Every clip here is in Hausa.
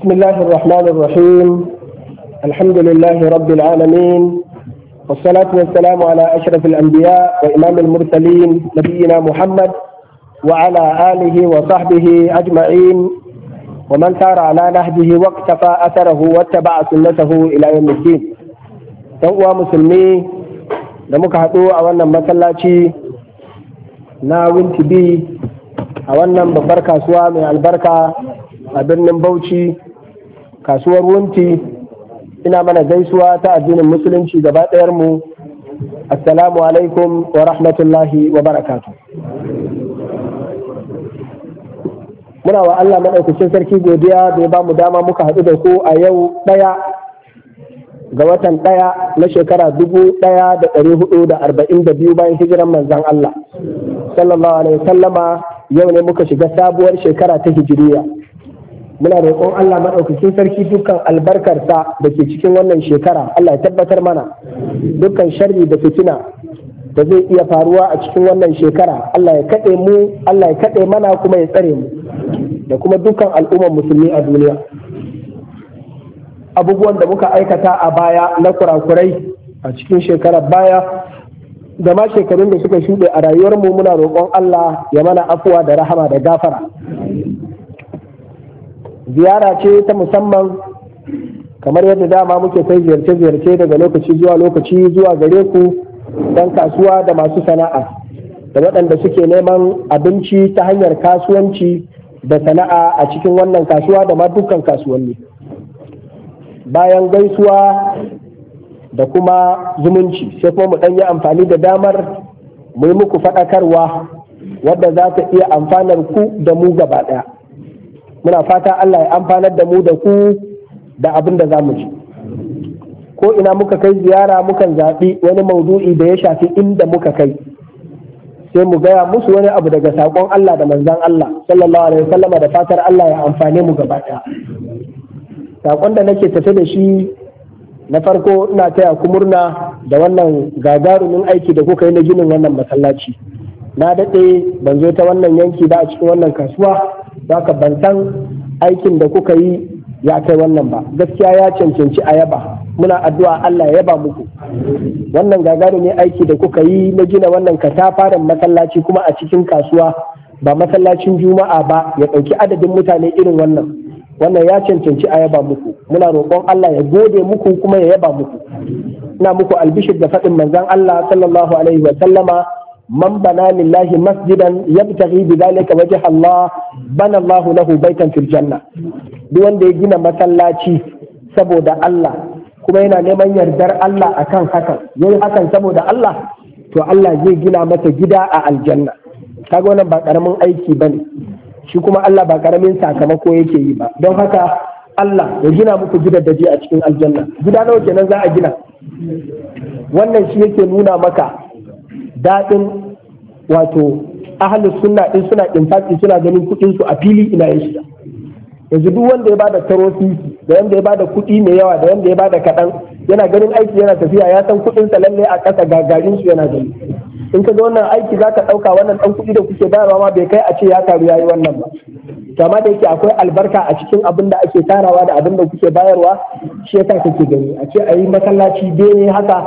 بسم الله الرحمن الرحيم الحمد لله رب العالمين والصلاة والسلام على أشرف الأنبياء وإمام المرسلين نبينا محمد وعلى آله وصحبه أجمعين ومن سار على نهجه واقتفى أثره واتبع سنته إلى يوم الدين uwa musulmi da muka haɗu a wannan masallaci na wintibi a wannan babbar kasuwa mai albarka a birnin bauchi kasuwar wunti ina mana gaisuwa ta addinin musulunci gaba ɗayar mu assalamu alaikum wa rahmatullahi wa barakatu muna wa Allah maɗaukacin sarki godiya da ba mu dama muka haɗu da ku a yau ɗaya ga watan ɗaya na shekara dubu ɗaya da ɗari hudu da arba'in da biyu bayan hijiran manzan Allah sallallahu alaihi sallama yau ne muka shiga sabuwar shekara ta hijiriya muna roƙon Allah maɗaukacin sarki dukkan albarkarsa da ke cikin wannan shekara Allah ya tabbatar mana dukkan sharri da fitina da zai iya faruwa a cikin wannan shekara Allah ya kaɗe mu Allah ya kaɗe mana kuma ya tsare mu da kuma dukkan al'ummar musulmi a duniya abubuwan da muka aikata a baya na kurakurai a cikin shekarar baya da ma shekarun da suka shuɗe a rayuwarmu muna roƙon Allah ya mana afuwa da rahama da gafara ziyara ce ta musamman kamar yadda dama muke kai ziyarce-ziyarce daga lokaci zuwa lokaci zuwa gare ku don kasuwa da masu sana'a da waɗanda suke neman abinci ta hanyar kasuwanci da sana'a a cikin wannan kasuwa da ma dukkan kasuwanni bayan gaisuwa da kuma zumunci sai kuma mu ɗan yi amfani da damar mu yi muku faɗakarwa wadda za ta iya amfanar ku da mu gaba ɗaya muna fata Allah ya amfanar da mu da ku da abin da za mu ji ko ina muka kai ziyara mukan zaɓi wani maudu'i da ya shafi inda muka kai sai mu gaya musu wani abu daga sakon Allah da manzan Allah sallallahu alaihi wasallama da fatar Allah ya amfane mu gaba ɗaya saƙon da nake tafe da shi na farko ina taya ku murna da wannan gagarumin aiki da kuka yi na ginin wannan masallaci na daɗe ban zo ta wannan yanki ba a cikin wannan kasuwa haka ban san aikin da kuka yi ya kai wannan ba gaskiya ya cancanci a yaba muna addu'a Allah ya yaba muku wannan gagarumin aiki da kuka yi na gina wannan katafaren masallaci kuma a cikin kasuwa ba masallacin juma'a ba ya ɗauki adadin mutane irin wannan wannan ya cancanci a yaba muku muna roƙon Allah ya gode muku kuma ya yaba muku ina muku albishir da faɗin manzon Allah sallallahu alaihi wa sallama man bana lillahi masjidan yabtaghi bidhalika wajha Allah bana Allah lahu baitan fil janna duk wanda ya gina masallaci saboda Allah kuma yana neman yardar Allah akan hakan yayi hakan saboda Allah to Allah zai gina masa gida a aljanna kaga wannan ba karamin aiki bane shi kuma Allah ba karamin sakamako yake yi ba don haka Allah ya gina muku da gidaddaji a cikin aljanna gida nawa kenan za a gina wannan shi yake nuna maka daɗin wato ahalus suna ɗin suna infaki suna ganin kuɗin su a fili ina yin shi yanzu duk wanda ya bada tarofi da wanda ya bada kuɗi mai yawa da wanda ya bada kaɗan yana ganin aiki yana tafiya ya san kuɗin sa lalle a ƙasa gagarin su yana gani in ka ga wannan aiki za ka ɗauka wannan ɗan kuɗi da kuke bayarwa ma bai kai a ce ya taru ya yi wannan ba to amma da yake akwai albarka a cikin abin da ake tarawa da abin da kuke bayarwa shi yasa kake gani a ce a yi masallaci bene haka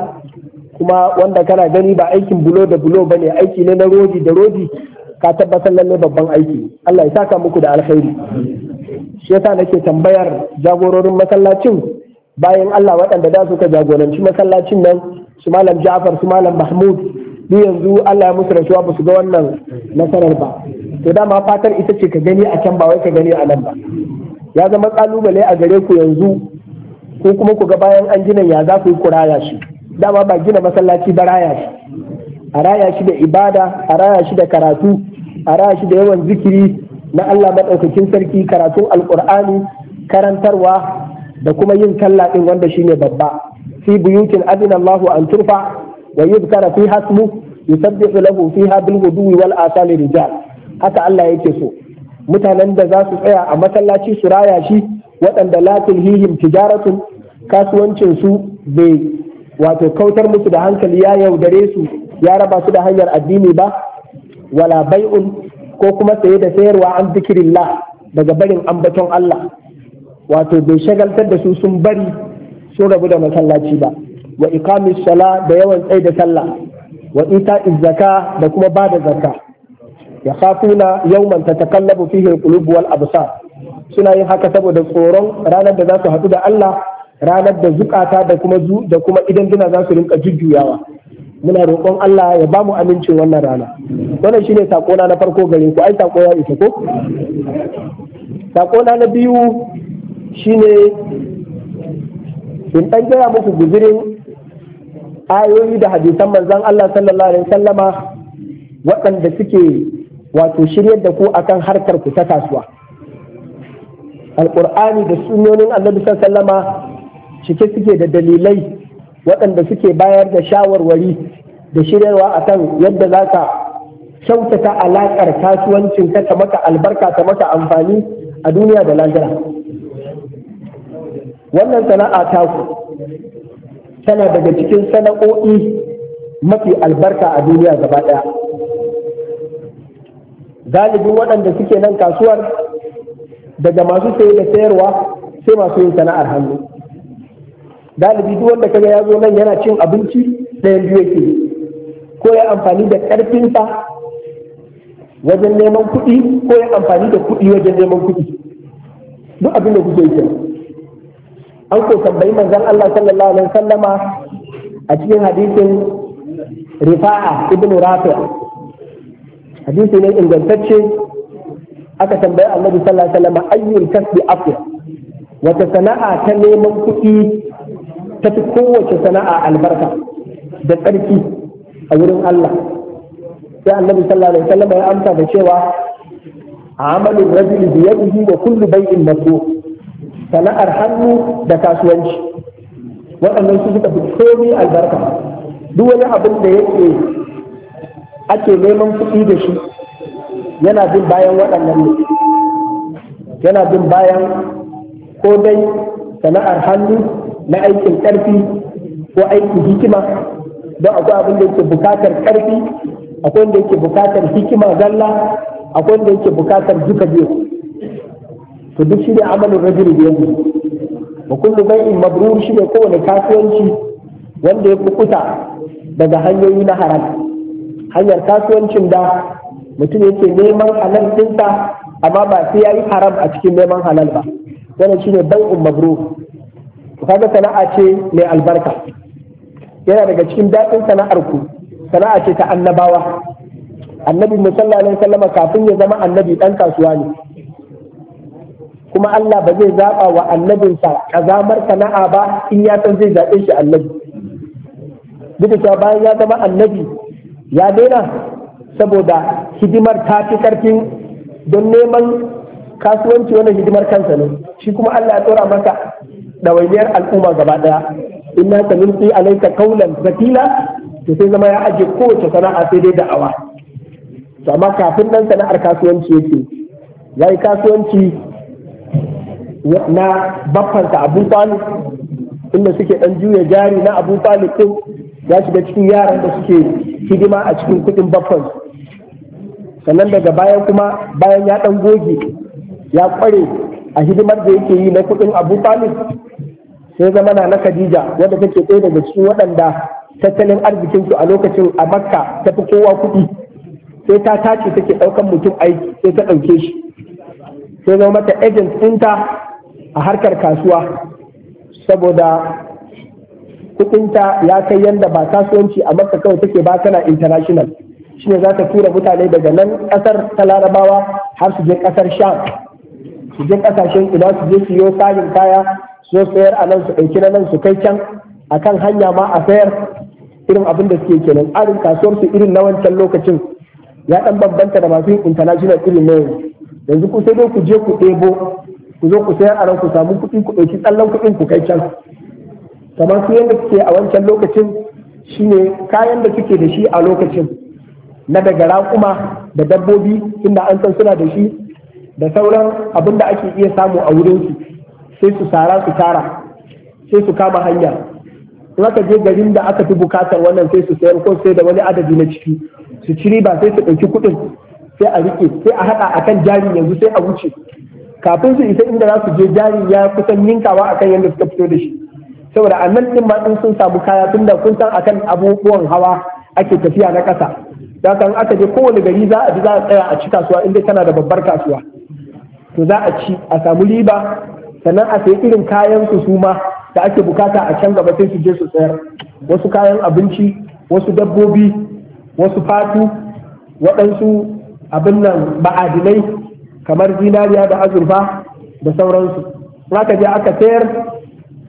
kuma wanda kana gani ba aikin bulo da bulo ba bane aiki ne na rodi da rodi ka tabbatar lalle babban aiki Allah ya saka muku da alkhairi shi yasa nake tambayar jagororin masallacin bayan Allah waɗanda da suka jagoranci masallacin nan su malam Ja'far su malam Mahmud ni yanzu Allah ya musu rashuwa ba su ga wannan nasarar ba to dama fatar ita ce ka gani a can ba wai ka gani a nan ba ya zama kalubale a gare ku yanzu ko kuma ku ga bayan an gina ya za ku yi kuraya shi dama ba gina masallaci ba raya shi a raya shi da ibada a raya shi da karatu a raya shi da yawan zikiri na Allah maɗaukakin sarki karatun alƙur'ani karantarwa da kuma yin sallah ɗin wanda ne babba fi buyutin adina Allahu an turfa wa yuzkara fi hasmu yusabbihu lahu fiha bil huduwi wal asali rijal haka Allah yake so mutanen da za su tsaya a masallaci su raya shi waɗanda la tulhihim tijaratun kasuwancin su bai wato kautar musu da hankali ya yaudare su ya raba su da hanyar addini ba wala bai'un ko kuma saye da sayarwa an zikirillah daga barin ambaton Allah wato bai shagaltar da su sun bari sun rabu da masallaci ba wa iqamis sala da yawan tsaye da sallah wa ita'iz zaka da kuma ba da zakka yakhafuna yawman tatakallabu fihi alqulub wal absar suna yin haka saboda tsoron ranar da za su haɗu da Allah ranar da zukata da kuma da kuma idan duna za su rinka jujjuyawa muna roƙon Allah ya ba mu amincin wannan rana wannan shine sakona na farko gare ku ai sako ya isa ko sakona na biyu shine in ɗan gaya muku guzirin ayoyi da hadisan manzon Allah sallallahu alaihi wasallama waɗanda suke wato shiryar da ku akan harkar ku ta kasuwa alƙur'ani da sunnonin annabi sallallahu alaihi wasallama cike suke da dalilai waɗanda suke bayar da shawarwari da shiryarwa kan yadda za ka kyautata alaƙar kasuwancin ta maka albarka ta maka amfani a duniya da lahira wannan sana'a taku tana daga cikin sana'o'i mafi albarka a duniya gaba ɗaya galibin waɗanda suke nan kasuwar daga masu saye da sayarwa sai masu yin sana'ar hannu dalibi duk wanda kaga ya zo nan yana cin abinci ɗayan biyu yake ko ya amfani da ƙarfinsa wajen neman kuɗi ko ya amfani da kuɗi wajen neman kuɗi duk abin da kuke yi an ko tambayi manzon Allah sallallahu alaihi wasallama a cikin hadisin rifa'a ibn rafi' hadisi ne ingantacce aka tambayi annabi sallallahu alaihi wasallama ayyul kasbi afdal wata sana'a ta neman kuɗi ta fi kowace sana'a albarka da tsarki a wurin Allah sai annabi sallallahu alaihi wasallam ya amsa da cewa amalul rajuli bi yadihi wa kullu bai'in masbuh sana'ar hannu da kasuwanci waɗannan su suka fi komai albarka duk wani abin da yake ake neman kuɗi da shi yana bin bayan waɗannan ne yana bin bayan ko dai sana'ar hannu na aikin ƙarfi ko aikin hikima don akwai abin da yake bukatar ƙarfi akwai wanda yake bukatar hikima zalla akwai wanda yake bukatar duka biyu to duk shine amalin rajul da yanzu wa kullu bai'in mabrur shine kowane kasuwanci wanda ya kukuta daga hanyoyi na haram hanyar kasuwancin da mutum yake neman halal dinsa amma ba sai yayi haram a cikin neman halal ba wannan shine bai'un mabrur kaga sana'a ce mai albarka yana daga cikin daɗin sana'ar ku sana'a ce ta annabawa annabi musalla alaihi sallama kafin ya zama annabi ɗan kasuwa ne kuma Allah ba zai zaɓa wa sa kazamar sana'a ba in ya san zai zaɓe shi annabi duk da bayan ya zama annabi ya daina saboda hidimar ta fi karfin don neman kasuwanci wannan hidimar kansa ne shi kuma Allah ya tsora maka ɗawainiyar al'umma gaba daya, inna ka nufi alaika kaulan zakila to sai zama ya aje kowace sana'a sai dai da'awa to amma kafin nan sana'ar kasuwanci yake ya yi kasuwanci na baffansa abu talib inda suke ɗan juya jari na abu talib ɗin ya shiga cikin yaran da suke hidima a cikin kuɗin baffansu sannan daga baya kuma bayan ya ɗan goge ya ƙware a hidimar da yake yi na kuɗin abu talib sai zama na na khadija wadda take ɗaya daga cikin waɗanda tattalin arzikinsu a lokacin a makka ta fi kowa kuɗi sai ta tace take ɗaukan mutum aiki sai ta ɗauke shi sai zama mata agent ɗinta a harkar kasuwa saboda kuɗinta ya kai yadda ba kasuwanci a makka kawai take ba tana international shine za ta tura mutane daga nan ƙasar ta larabawa har su je ƙasar sham su je kasashen ina su je su yi sarin kaya su sayar a nan su ɗauki na nan su kai can A kan hanya ma a sayar irin abin da suke kenan arin kasuwar su irin na wancan lokacin ya ɗan bambanta da masu yin international irin na yanzu ku sai dai ku je ku ɗebo ku zo ku sayar a nan ku samu kuɗi ku ɗauki tsallan kuɗin ku kai can kamar su yadda suke a wancan lokacin shine kayan da suke da shi a lokacin na daga raƙuma da dabbobi inda an san suna da shi da sauran abin da ake iya samu a wurinsu sai su sara su tara sai su kama hanya in aka je garin da aka fi bukatar wannan sai su sayar ko sai da wani adadi na ciki su ciri ba sai su ɗauki kuɗin sai a rike sai a haɗa akan jari yanzu sai a wuce kafin su isa inda za su je jari ya kusan ninkawa akan yadda suka fito da shi saboda a nan ɗin ma ɗin sun samu kaya tunda kun san akan abubuwan hawa ake tafiya na ƙasa da aka aka je kowane gari za a ji za a tsaya a ci kasuwa inda tana da babbar kasuwa to za a ci a samu riba sannan a sai irin kayan su su da ake bukata a can gaba sai su je su tsayar, wasu kayan abinci wasu dabbobi wasu fatu waɗansu abin nan ma'adinai kamar zinariya da azurfa da sauransu aka je aka tsayar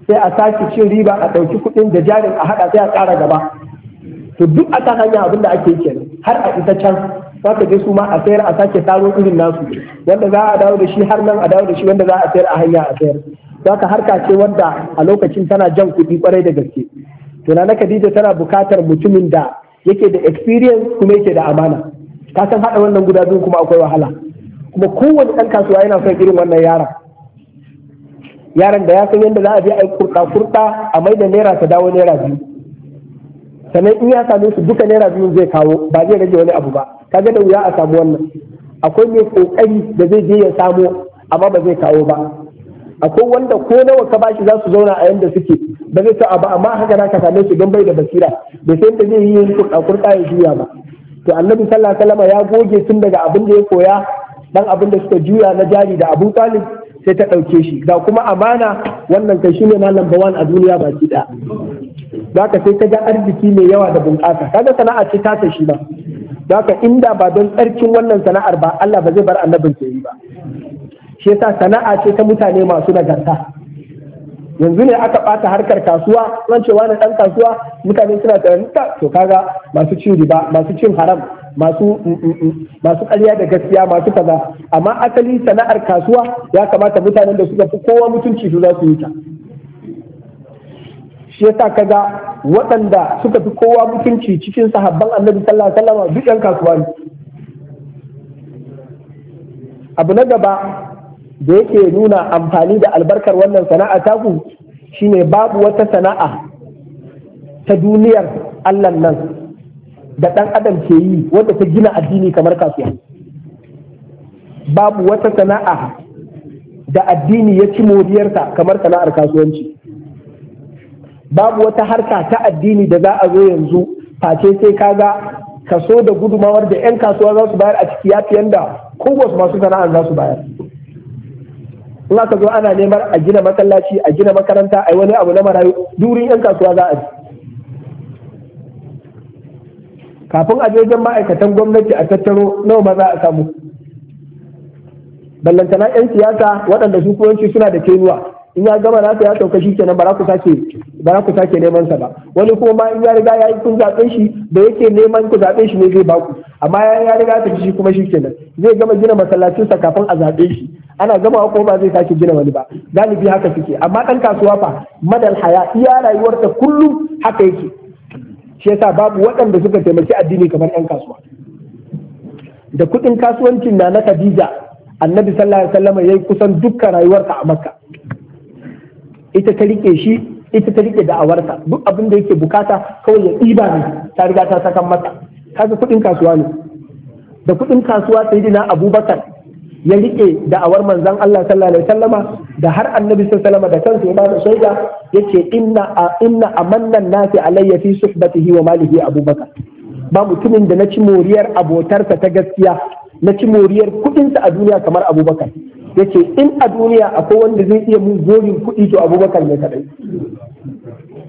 sai a sake cin riba a ɗauki kuɗin da jarin a haɗa sai a ƙara gaba to duk a kan hanya abin da ake kenan har a isa can za ka je su ma a sayar a sake taro irin nasu wanda za a dawo da shi har nan a dawo da shi wanda za a sayar a hanya a sayar za ka harka ce wanda a lokacin tana jan kuɗi kwarai da gaske to na Kadija tana bukatar mutumin da yake da experience kuma yake da amana ka san haɗa wannan guda biyu kuma akwai wahala kuma kowane ɗan kasuwa yana son irin wannan yaran. Yaran da ya san yadda za a je a yi kurɗa-kurɗa a mai da naira ta dawo naira biyu sannan in ya same su duka naira biyun zai kawo ba zai rage wani abu ba kaga da wuya a samu wannan akwai mai kokari da zai je ya samo amma ba zai kawo ba akwai wanda ko nawa ka bashi za su zauna a yanda suke ba zai ta ba amma haka na ka same su don bai da basira da sai da zai yi kurɗa ya juya ba to annabi sallallahu alaihi wasallam ya goge tun daga abin da ya koya dan abin da suka juya na jari da Abu Talib sai ta ɗauke shi ga kuma amana wannan kai shine na lamba wan a duniya baki ɗaya zaka sai ka ga arziki mai yawa da bunƙasa kaga sana'a ce ta shi ba haka inda ba don tsarkin wannan sana'ar ba Allah ba zai bar annabin ke yi ba shi yasa sana'a ce ta mutane masu nagarta yanzu ne aka ɓata harkar kasuwa ran cewa na ɗan kasuwa mutane suna tsaye to kaga masu cin riba masu cin haram masu mm, mm, mm, masu ƙarya da gaskiya masu kaza amma asali sana'ar kasuwa ya kamata mutanen da suka fi kowa mutunci su za su yi ta shi yasa kaga waɗanda suka fi kowa mutunci cikin sahabban annabi sallallahu alaihi wasallam duk ɗan kasuwa ne abu na gaba da yake nuna amfani da albarkar wannan sana'a taku shine babu wata sana'a ta duniyar Allah nan da ɗan adam ke yi wadda ta gina addini kamar kasuwa babu wata sana'a da addini ya ci moriyarta kamar sana'ar kasuwanci babu wata harka ta addini da za a zo yanzu face sai ga kaso da gudumawar da 'yan kasuwa za su bayar a ciki ya fi yanda kowace masu sana'a za su bayar in aka zo ana neman a gina masallaci a gina makaranta a yi wani abu na marayu durin 'yan kasuwa za a kafin a wajen ma'aikatan gwamnati a tattaro nawa ma za a samu ballantana 'yan siyasa waɗanda su suna da kenuwa in ya gama na ya sauka shi kenan ba ku sake neman sa ba wani kuma ma in ya riga ya yi kun zaɓen shi da yake neman ku zaɓe shi ne zai baku amma ya ya riga ta shi kuma shi kenan zai gama gina masallacin sa kafin a zaɓe shi ana gama ko ba zai sake gina wani ba galibi haka suke amma ɗan kasuwa fa madal haya iya rayuwarta kullum haka yake shi yasa babu waɗanda suka taimaki addini kamar ɗan kasuwa da kuɗin kasuwancin na na Khadija annabi sallallahu alaihi wasallam yayi kusan dukkan rayuwarsa a Makka ita ta rike shi ita ta rike da'awarsa duk abin da yake bukata kawai ya ɗiba ne ta riga ta sakan masa kaga kuɗin kasuwa ne da kuɗin kasuwa sai dina abubakar ya rike da'awar manzon Allah sallallahu alaihi wasallama da har annabi sallallahu alaihi da kansa ya bada shaida yace inna inna amannan nasi alayya fi suhbatihi wa malihi abubakar ba mutumin da na ci moriyar abotarsa ta gaskiya na ci moriyar kuɗinsa a duniya kamar abubakar yace in a duniya akwai wanda zai iya mun gorin kuɗi to abubakar ne kaɗai,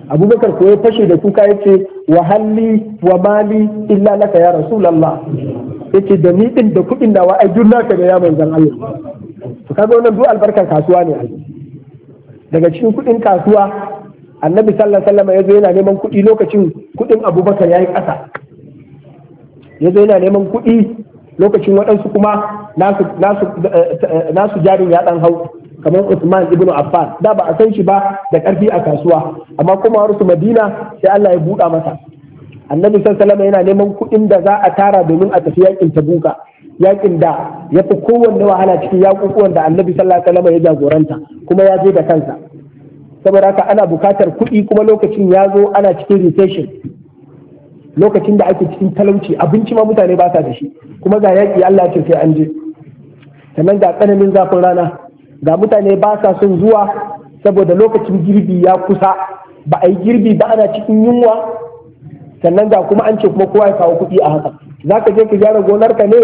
abubakar ko ya fashe da kuka yace wa halli wa mali illa laka ya ya ce da ni din da kuɗin nawa ai duk naka da ya manzan Allah to kaga wannan duk albarkar kasuwa ne ai daga cikin kuɗin kasuwa annabi sallallahu alaihi wasallam zo yana neman kuɗi lokacin kuɗin abubakar ya yi ƙasa ya yazo yana neman kuɗi lokacin waɗansu kuma eh, nasu jarin ya ɗan hau kamar Usman ibn Affan da ba a san shi ba da ƙarfi a kasuwa amma kuma wasu Madina sai Allah ya buɗa masa annabi sallallahu yana neman kuɗin da za a tara domin a tafi yakin Tabuka yakin da ya fi kowanne wahala cikin yakukuwan da annabi sallallahu alaihi ya jagoranta kuma ya je da kansa saboda haka ana bukatar kuɗi kuma lokacin ya zo ana cikin recession lokacin da ake cikin talauci abinci ma mutane ba sa da shi kuma ga yaƙi Allah ce sai an je sannan ga tsananin zafin rana ga mutane ba sa son zuwa saboda lokacin girbi ya kusa ba a yi girbi ba ana cikin yunwa sannan ga kuma an ce kuma kowa ya kawo kuɗi a haka za ka je ka gyara gonarka ne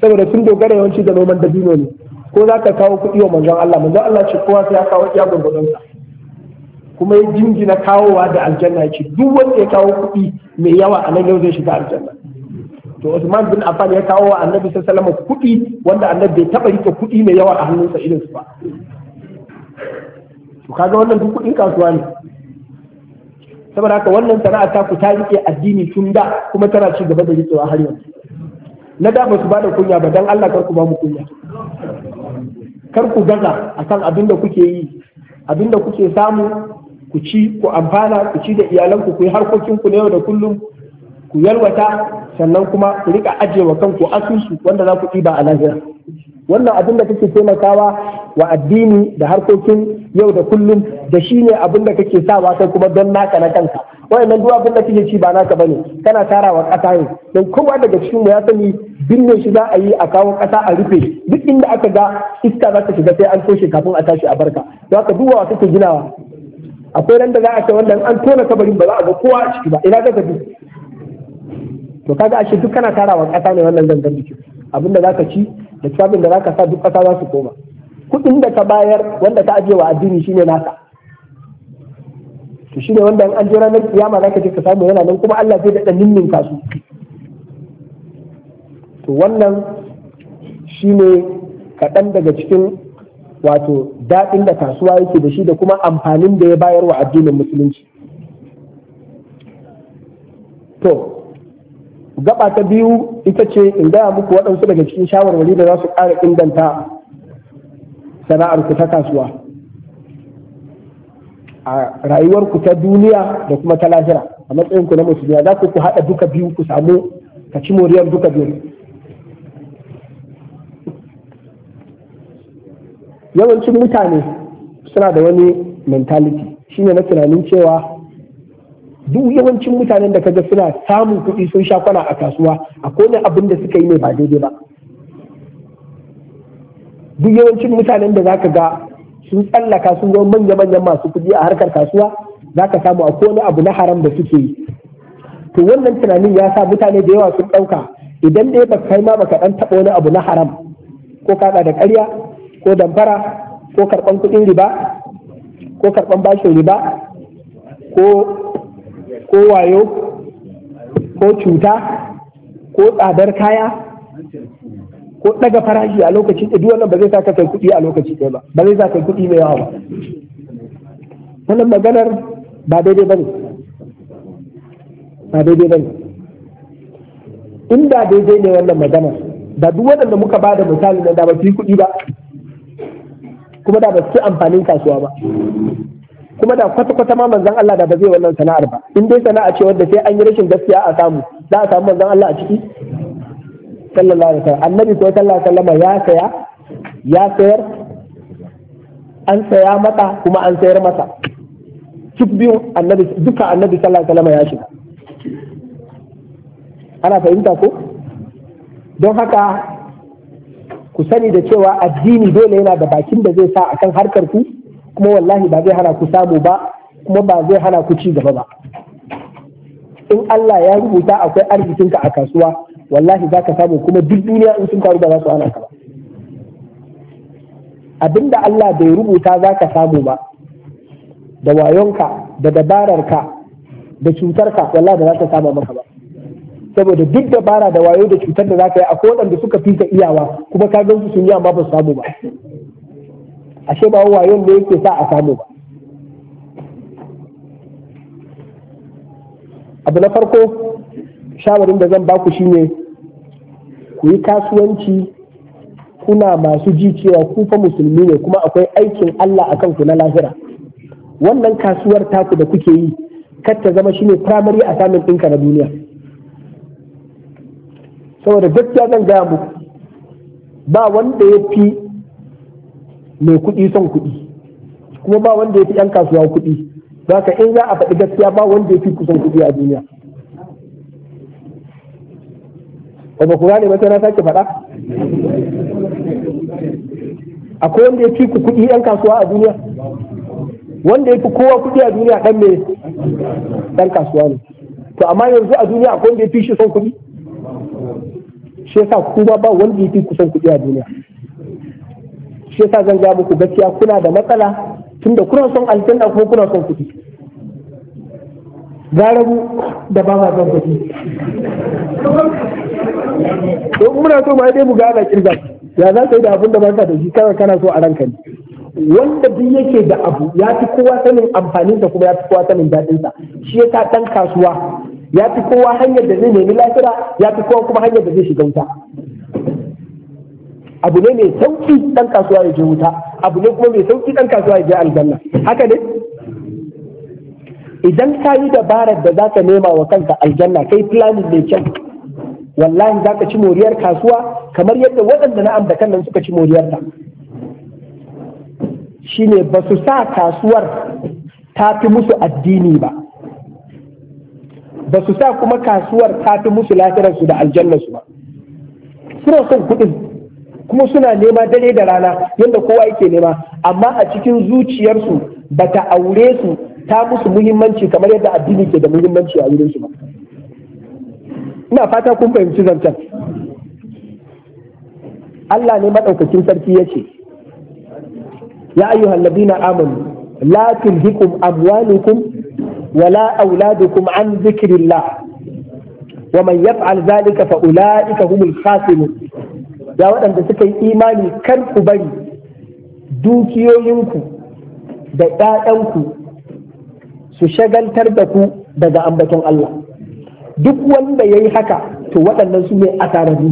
saboda sun dogara yawanci da noman dabino ne ko za ka kawo kuɗi wa manzon Allah manzon Allah ce kowa sai ya kawo iya gurgudunsa kuma ya jingina kawowa da aljanna yake duk wanda ya kawo kuɗi mai yawa a nan yau zai shiga aljanna to Usman bin Affan ya kawo wa Annabi sallallahu alaihi kuɗi wanda Annabi bai taba rike kuɗi mai yawa a hannunsa irin su ba to kaga wannan duk kuɗin kasuwa ne saboda haka wannan sana'a ta ku ta rike addini tun da kuma tana ci gaba da rikewa har yanzu na da ba su bada kunya ba dan Allah kar ku ba mu kunya kar ku gaza akan abin da kuke yi abin da kuke samu ku ci ku amfana ku ci da iyalanku ku yi harkokinku na yau da kullum ku yalwata sannan kuma ku rika ajiye wa kanku asusu wanda za ku ɗiba a lahira wannan abin da kake taimakawa wa addini da harkokin yau da kullum da shi ne abin da kake sawa kai kuma don naka na kanka wayannan duk abin da kake ci ba naka ba ne. kana tarawa ƙasa ne don kowa daga cikin ya sani binne shi za a yi a kawo ƙasa a rufe duk inda aka ga iska za ta shiga sai an toshe kafin a tashi a barka don haka duk wa kake ginawa akwai ran da za a ce wannan an tona kabarin ba za a ga kowa a ciki ba ina ka tafi to kaga ashe duk kana tarawa kasa ne wannan zanzan bikin abin da ka ci da tsabin da za ka sa duk kasa za su koma kudin da ka bayar wanda ka ajiye wa addini shine naka to shine wanda an jira ranar kiyama ka je ka samu yana nan kuma Allah zai da ninnin ka su to wannan shine kaɗan daga cikin wato daɗin da kasuwa yake da shi da kuma amfanin da ya bayar wa addinin musulunci to gaba ta biyu ita ce in gaya muku waɗansu daga cikin shawarwari da za su ƙara inganta sana'arku ta kasuwa a rayuwarku ta duniya da kuma ta lahira a matsayinku na musulmi za ku ku haɗa duka biyu ku samu ka ci moriyar duka biyu yawancin mutane suna da wani mentality ne na tunanin cewa duk yawancin mutanen da kaga suna samun kuɗi sun sha kwana a kasuwa a kone abin da suka yi ne ba daidai ba duk yawancin mutanen da zaka ga sun tsallaka sun zama manya-manyan masu kuɗi a harkar kasuwa zaka samu a kone abu na haram da suke yi to wannan tunanin ya sa mutane da yawa sun ɗauka idan dai ba kai ma baka ɗan taɓa wani abu na haram ko kaɗa da ƙarya ko damfara ko karɓan kuɗin riba ko karɓan bashin riba ko ko wayo ko cuta ko tsadar kaya ko ɗaga farashi a lokaci ɗaya duk wannan ba zai sa ka kai kuɗi a lokaci ɗaya ba ba zai sa kai kuɗi mai yawa ba wannan maganar ba daidai ba ne ba daidai ba ne inda daidai ne wannan maganar da duk waɗanda muka ba da misali na da ba su yi kuɗi ba kuma da ba su amfanin kasuwa ba kuma da kwata-kwata ma manzon Allah da ba zai wannan sana'ar ba in dai sana'a ce wadda sai an yi rashin gaskiya a samu za a samu manzon Allah a ciki sallallahu alaihi wasallam annabi ko sallallahu alaihi wasallam ya saya ya sayar an saya mata kuma an sayar masa duk biyu annabi duka annabi sallallahu alaihi wasallam ya shiga ana fahimta ko don haka ku sani da cewa addini dole yana da bakin da zai sa akan harkar ku kuma wallahi ba zai hana ku samu ba kuma ba zai hana ku ci gaba ba in Allah ya rubuta akwai arzikinka a kasuwa wallahi za ka samu kuma duk duniya in sun karu ba za su hana ka ba abinda Allah bai rubuta za ka samu ba da wayonka da dabararka da cutarka wallahi ba za ka samu maka ba saboda duk dabara da wayo da cutar da zaka yi akwai waɗanda suka fi ka iyawa kuma ka gansu sun yi amma ba su samu ba ashe ba wayon ne yake sa a samu ba abu na farko shawarin da zan baku shine ku yi kasuwanci kuna masu ji cewa ku fa musulmi ne kuma akwai aikin Allah a kanku na lahira wannan kasuwar taku da kuke yi kar ta zama shine a assignment ɗinka na duniya saboda gaskiya zan gaya muku ba wanda ya fi mai kuɗi son kuɗi kuma ba wanda ya fi ɗan kasuwa kuɗi za ka in za a faɗi gaskiya ba wanda ya fi kusan kuɗi a duniya ba ne ba sai na sake faɗa akwai wanda ya fi ku kuɗi ɗan kasuwa a duniya wanda ya fi kowa kuɗi a duniya ɗan mai ɗan kasuwa ne to amma yanzu a duniya akwai wanda ya fi shi son kuɗi shi yasa ku ba ba wanda yafi kusan kuɗi a duniya shi yasa zan ga muku gaskiya kuna da matsala tunda kuna son aljanna kuma kuna son kuɗi garabu da ba ma son kuɗi don muna so ma dai mu ana kirga ya za ka yi da abin da ba ka da shi kana kana so a ranka ne wanda duk yake da abu ya fi kowa sanin amfaninsa kuma ya fi kowa sanin daɗinsa shi yasa ɗan kasuwa ya fi kowa hanyar da zai nemi lafira ya fi kowa kuma hanyar da zai shiga wuta abu ne mai sauki dan kasuwa ya je wuta abu ne kuma mai sauki dan kasuwa ya je aljanna haka ne idan ka yi dabarar da za ka nema wa kanka aljanna kai planning mai kyau wallahi za ka ci moriyar kasuwa kamar yadda waɗanda na amda kan suka ci moriyar ta shine ba su sa kasuwar ta fi musu addini ba ba su sa kuma kasuwar ta fi musu lafiyarsu da aljannarsu ba suna son kuɗin kuma suna nema dare da rana yadda kowa yake nema amma a cikin zuciyarsu ba ta aure su ta musu muhimmanci kamar yadda addini ke da muhimmanci a wurinsu ba ina fata kun fahimci zancen Allah ne maɗaukakin sarki ya ce ya ayyuhan labina amanu la tulhikum amwalukum wala auladukum an zikrillah wa man yaf'al zalika fa ulaika humul khasirun ya waɗanda suka yi imani kar ku bari dukiyoyinku da ƴaƴanku su shagaltar da ku daga ambaton Allah duk wanda ya yi haka to waɗannan su ne asararru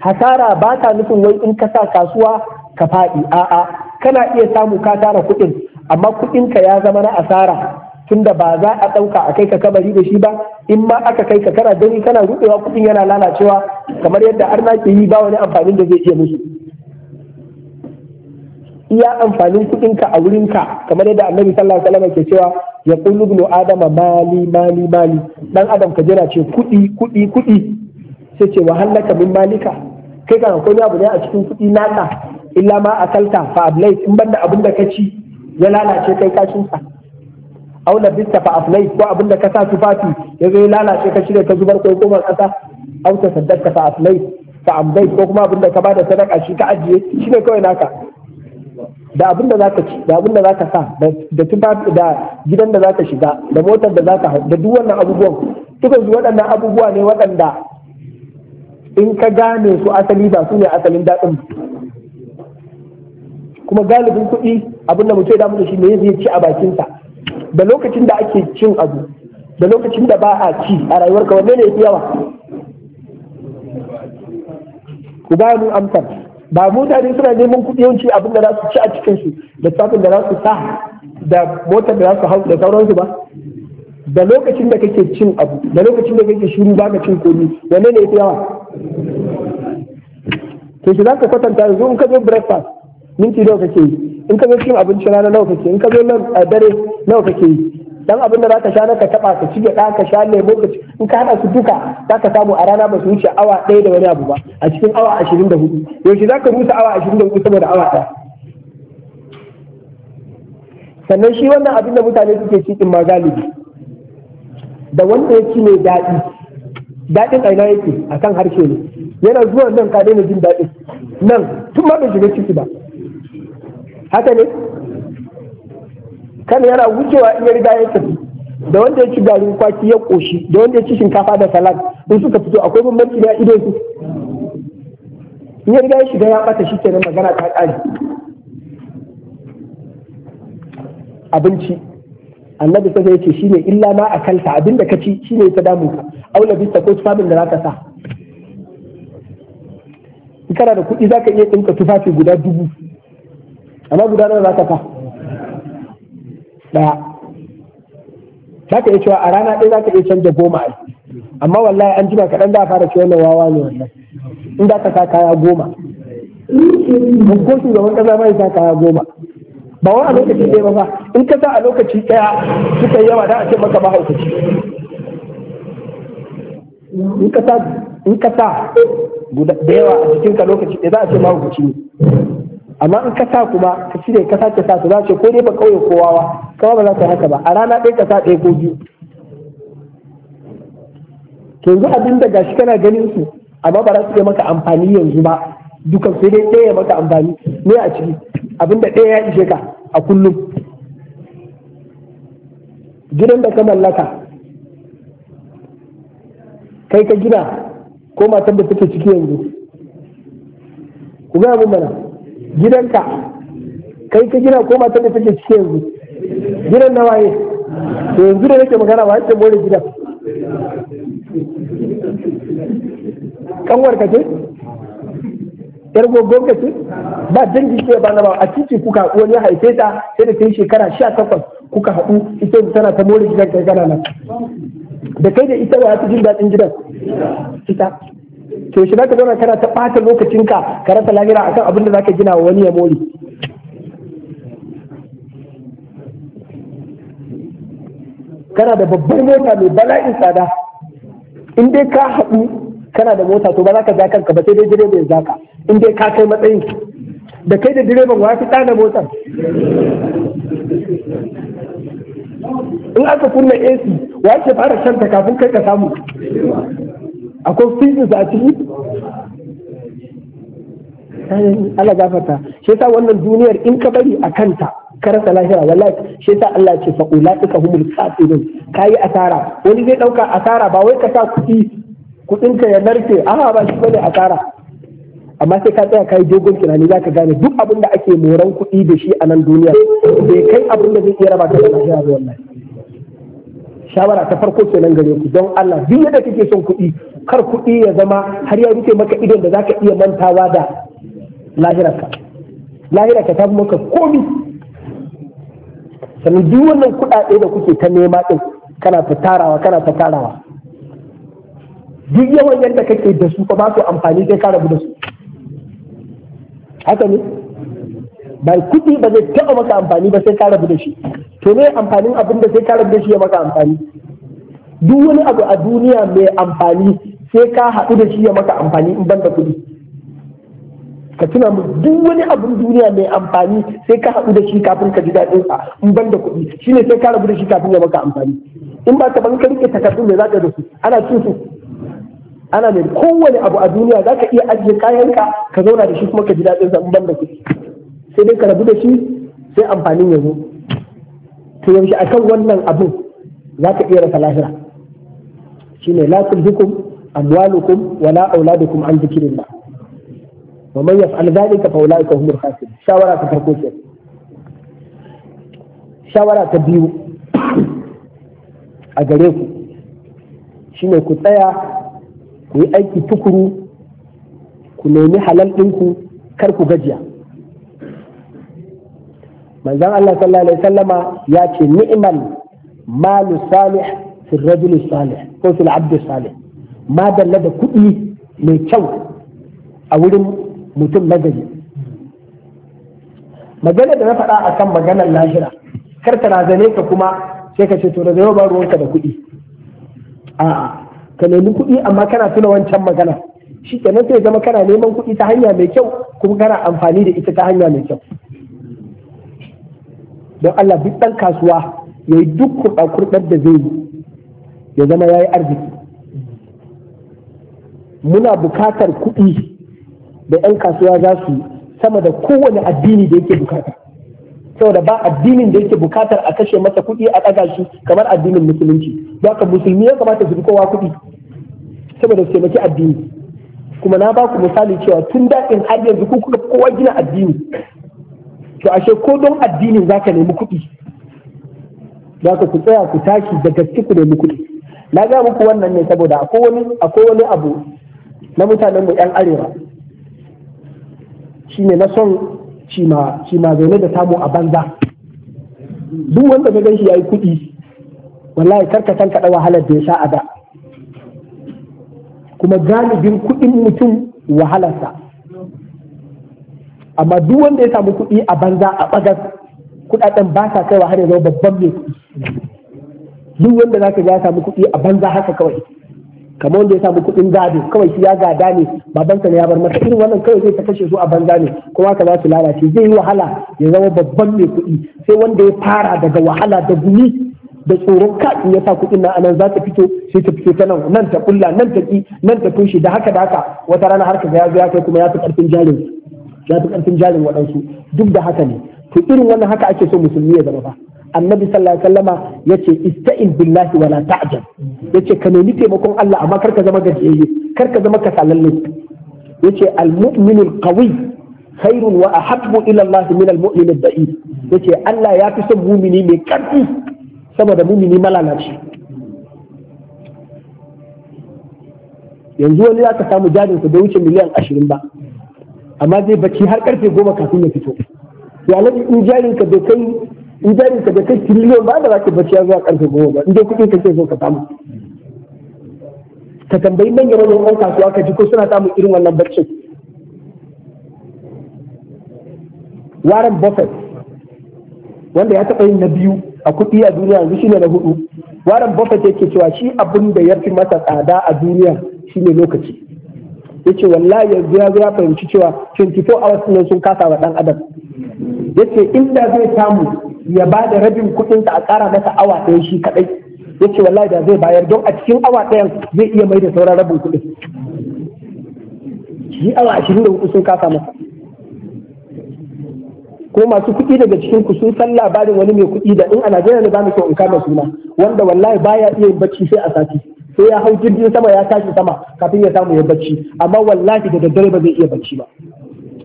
hasara ba ta nufin wai in ka sa kasuwa ka faɗi a'a kana iya samu ka tara kuɗin amma kuɗinka ya zama na asara tunda ba za a ɗauka a kai ka kabari da shi ba in ma aka kai ka kana gani kana rudewa kuɗin yana lalacewa kamar yadda arna ke yi ba wani amfanin da zai iya musu iya amfanin kuɗinka a wurinka kamar yadda annabi sallallahu alaihi wasallam ke cewa ya qulu ibnu adama mali mali mali dan adam ka jira ce kuɗi kuɗi kuɗi sai ce wa halaka min malika kai kan akwai abu ne a cikin kuɗi naka illa ma akalta fa ablai in banda abin da ka ci ya lalace kai kashinsa aw labista fa aflai ko abin da ka sa tufafi ya zai lalace ka shirya ka zubar ko komar kasa aw ta saddaka fa aflai fa ambai ko kuma abin da ka bada sadaka shi ka ajiye shi ne kawai naka da abin da zaka ci da abin da zaka sa da tufafi da gidan da zaka shiga da motar da zaka hau da duk wannan abubuwan duka su waɗannan abubuwa ne waɗanda in ka gane su asali ba su ne asalin daɗin kuma galibin kuɗi abin da mutum ya damu da shi ne zai ci a bakinsa da lokacin da ake cin abu da lokacin da ba a ci a rayuwar ka, wanne ne fi yawa ku ba mu amsar ba mutane suna neman kuɗi yawanci abin da za su ci a cikinsu da tsafin da za su sa da motar da za su hau da sauransu ba da lokacin da kake cin abu da lokacin da kake shiru ba ka cin komi wanne ne fi yawa to shi za ka kwatanta yanzu in ka zo breakfast minti nawa kake yi in ka zo cin abinci rana nawa kake in ka zo nan a dare nawa kake yi dan abin da zaka sha ka taba ka cige da ka sha lemo ka in ka hada su duka zaka samu a rana ba su wuce awa 1 da wani abu ba a cikin awa 24 yaushe zaka rusa awa 24 saboda awa ɗaya sannan shi wannan abin da mutane suke ci din ma da wanda ya ci ne daɗi daɗin aina yake akan harshe ne yana zuwa nan ka daina jin daɗin nan tun ma bai shiga ciki ba haka ne kan yana wucewa in yari riga ya tafi da wanda ya ci garin kwaki ya koshi da wanda ya ci shinkafa da salad in suka fito akwai bambanci da ido su in yari riga shiga ya bata shi kenan magana ta kare abinci annabi sai ya shine illa ma akalta abinda ka ci shine ta damu ka aula bista ko tufafin da zaka sa in kana da kuɗi zaka iya ɗinka tufafi guda dubu amma guda nawa za ka sa ɗaya za ka iya cewa a rana ɗaya za ka iya canja goma ai amma wallahi an jima kaɗan za a fara cewa wannan wawa ne wannan in za ka sa kaya goma ko shugaban ƙasa mai sa kaya goma ba wa a lokaci ɗaya ba in ka sa a lokaci ɗaya suka yi yawa da a ce maka ba haukaci in ka sa da yawa a cikin ka lokaci ɗaya za a ce ma haukaci ne amma in ka sa kuma ka cire ka sake sa su za ko dai ba kauye kowawa kawai ba za ta haka ba a rana ɗaya ka sa ɗaya ko biyu yanzu abin da gashi kana ganin su amma ba za su iya maka amfani yanzu ba dukan sai dai ɗaya maka amfani ne a ciki abin da ɗaya ya ishe ka a kullum gidan da ka mallaka kai ka gina ko matan da take ciki yanzu ku ga abin mana gidanka kai ka gina ko matar da take cike yanzu gidan na waye to yanzu da nake magana ba ta more gidan kanwar ka ce yar gogon ka ce ba dangi ke ba na ba a cikin kuka wani haife ta sai da ta yi shekara sha takwas kuka haɗu ita tana ta more gidan kai kana nan da kai da ita ba ta jin daɗin gidan ita to shi zaka zauna kana ta ɓata lokacinka ka rasa lahira akan abin da zaka gina wa wani ya mori kana da babbar mota mai bala'in tsada in dai ka haɗu kana da mota to ba za ka ja kanka ba sai dai direba ya zaka in dai ka kai matsayin da kai da direban wa fi tsada motar in aka kunna AC wa ke fara shanta kafin kai ka samu akwai fitinsa a ciki Allah gafarta shi yasa wannan duniyar in ka bari a kanta ka rasa lahira wallahi shi yasa Allah ce fa ka humul khasirun kai asara wani zai dauka asara ba wai ka sa kudi kudin ka ya narke a ba shi bane asara amma sai ka tsaya kai dogon tunani zaka gane duk abin da ake moran kuɗi da shi a nan duniya bai kai abin da zai iya raba ka da lahira wallahi shawara ta farko kenan gare ku don Allah duk yadda kake son kuɗi kar kuɗi ya zama har ya rufe maka idon da zaka iya mantawa da lahirarka lahirarka ta maka komi sannan duk wannan kuɗaɗe da kuke ta nema ɗin kana ta tarawa kana ta tarawa duk yawan yadda kake da su ba su amfani sai ka rabu da su haka ne ba kuɗi ba zai taɓa maka amfani ba sai ka rabu da shi to ne amfanin abin da sai ka rabu da shi ya maka amfani duk wani abu a duniya mai amfani sai ka haɗu da shi ya maka amfani in banda kuɗi ka tuna mu duk wani abin duniya mai amfani sai ka haɗu da shi kafin ka ji daɗin sa in banda kuɗi shine sai ka rabu da shi kafin ya maka amfani in ba ka ban ka rike takardun da zaka da su ana cin su ana mai kowane abu a duniya zaka iya ajiye kayanka ka zauna da shi kuma ka ji daɗin sa in banda kuɗi sai dai ka rabu da shi sai amfanin ya zo to yaushe akan wannan abin zaka iya rasa lahira shine la hukum. amwalukum wala auladukum an zikrillah wa man yaf'al dhalika fa ulaika humul khasirun shawara ta farko shawara ta biyu a gare ku shine ku tsaya ku yi aiki tukuru ku nemi halal ɗinku kar ku gajiya manzon Allah sallallahu alaihi wasallama ya ce ni'mal malu salih fi rajul ko madalla da kuɗi mai kyau a wurin mutum nagari Maganar da na faɗa a kan maganar lahira kar ta razane ka kuma sai ka ce to da ba ruwanka da kuɗi a'a ka nemi kuɗi amma kana tuna wancan magana shi kenan sai zama kana neman kuɗi ta hanya mai kyau kuma kana amfani da ita ta hanya mai kyau don Allah duk ɗan kasuwa ya yi duk kurɗa-kurɗar da zai yi ya zama ya yi arziki muna bukatar kuɗi da 'yan kasuwa za su sama da kowane addini da yake bukata saboda ba addinin da yake bukatar a kashe masa kuɗi a ɗaga shi kamar addinin musulunci ka musulmi ya kamata su kowa kuɗi saboda su taimaki addini kuma na ba ku misali cewa tun daɗin har yanzu ku kuka kowa gina addini to ashe ko don addinin za ka nemi kuɗi za ku tsaya ku tashi da gaske ku nemi kuɗi na ga muku wannan ne saboda akwai wani abu na mutanen mu 'yan arewa shi ne na son cima zaune da samu a banza duk wanda ka gan shi ya yi kuɗi wallahi karkatan kaɗa wahalar da ya sha a da kuma galibin kuɗin mutum wahalarsa amma duk wanda ya samu kuɗi a banza a ɓagar kuɗaɗen ba sa kai har ya zama babban mai kuɗi duk wanda za ka ya samu kuɗi a banza haka kawai kamar wanda ya samu kuɗin gado kawai shi ya gada ne babansa ne ya bar masa irin wannan kawai zai ta kashe su a banza ne kuma ka za su lalace zai yi wahala ya zama babban mai kuɗi sai wanda ya fara daga wahala da gumi da tsoro. ka ya sa kuɗin na anan za ta fito sai ta fito ta nan nan ta kulla nan ta ki nan ta tushe da haka da haka wata rana har ka ga ya zo ya kai kuma ya fi karfin jarin ya fi karfin jarin waɗansu duk da haka ne to irin wannan haka ake so musulmi ya zama ba. annabi sallallahu alaihi wasallama yace ista'in billahi wala ta'jab yace ka nemi taimakon Allah amma kar ka zama gajiyayye kar ka zama kasalalle yace al-mu'minul qawi khairun wa ahabbu ila Allah min al-mu'min ad-da'if yace Allah ya fi son mumini mai karfi saboda mumini malalaci yanzu wani zaka samu jarin ku da wuce miliyan 20 ba amma zai bacci har karfe 10 kafin ya fito ya in jarin ka bai kai in jari ka da kai miliyan ba da za ka bacci zuwa karfe goma ba inda kuɗi ka ke zo ka samu ka tambayi manyan wani ɗan kasuwa ka ji ko suna samun irin wannan baccin Warren Buffett wanda ya taɓa yin na biyu a kuɗi a duniya yanzu shine na hudu Warren Buffett yake cewa shi abin da ya fi masa tsada a duniya shine lokaci yace wallahi yanzu ya ya fahimci cewa 24 hours ne sun kasa wa ɗan adam yace inda zai samu ya ba da rabin kuɗin kuɗinsa a ƙara masa awa ɗaya shi kaɗai ya ce wallahi da zai bayar don a cikin awa ɗayan zai iya mai da sauran rabin kuɗin shi awa ashirin da hudu sun kasa masa ko masu kuɗi daga cikin ku sun san labarin wani mai kuɗi da in a Najeriya ne za mu so in kama suna wanda wallahi baya iya yin bacci sai a sati sai ya hau jirgin sama ya tashi sama kafin ya samu ya bacci amma wallahi da daddare ba zai iya bacci ba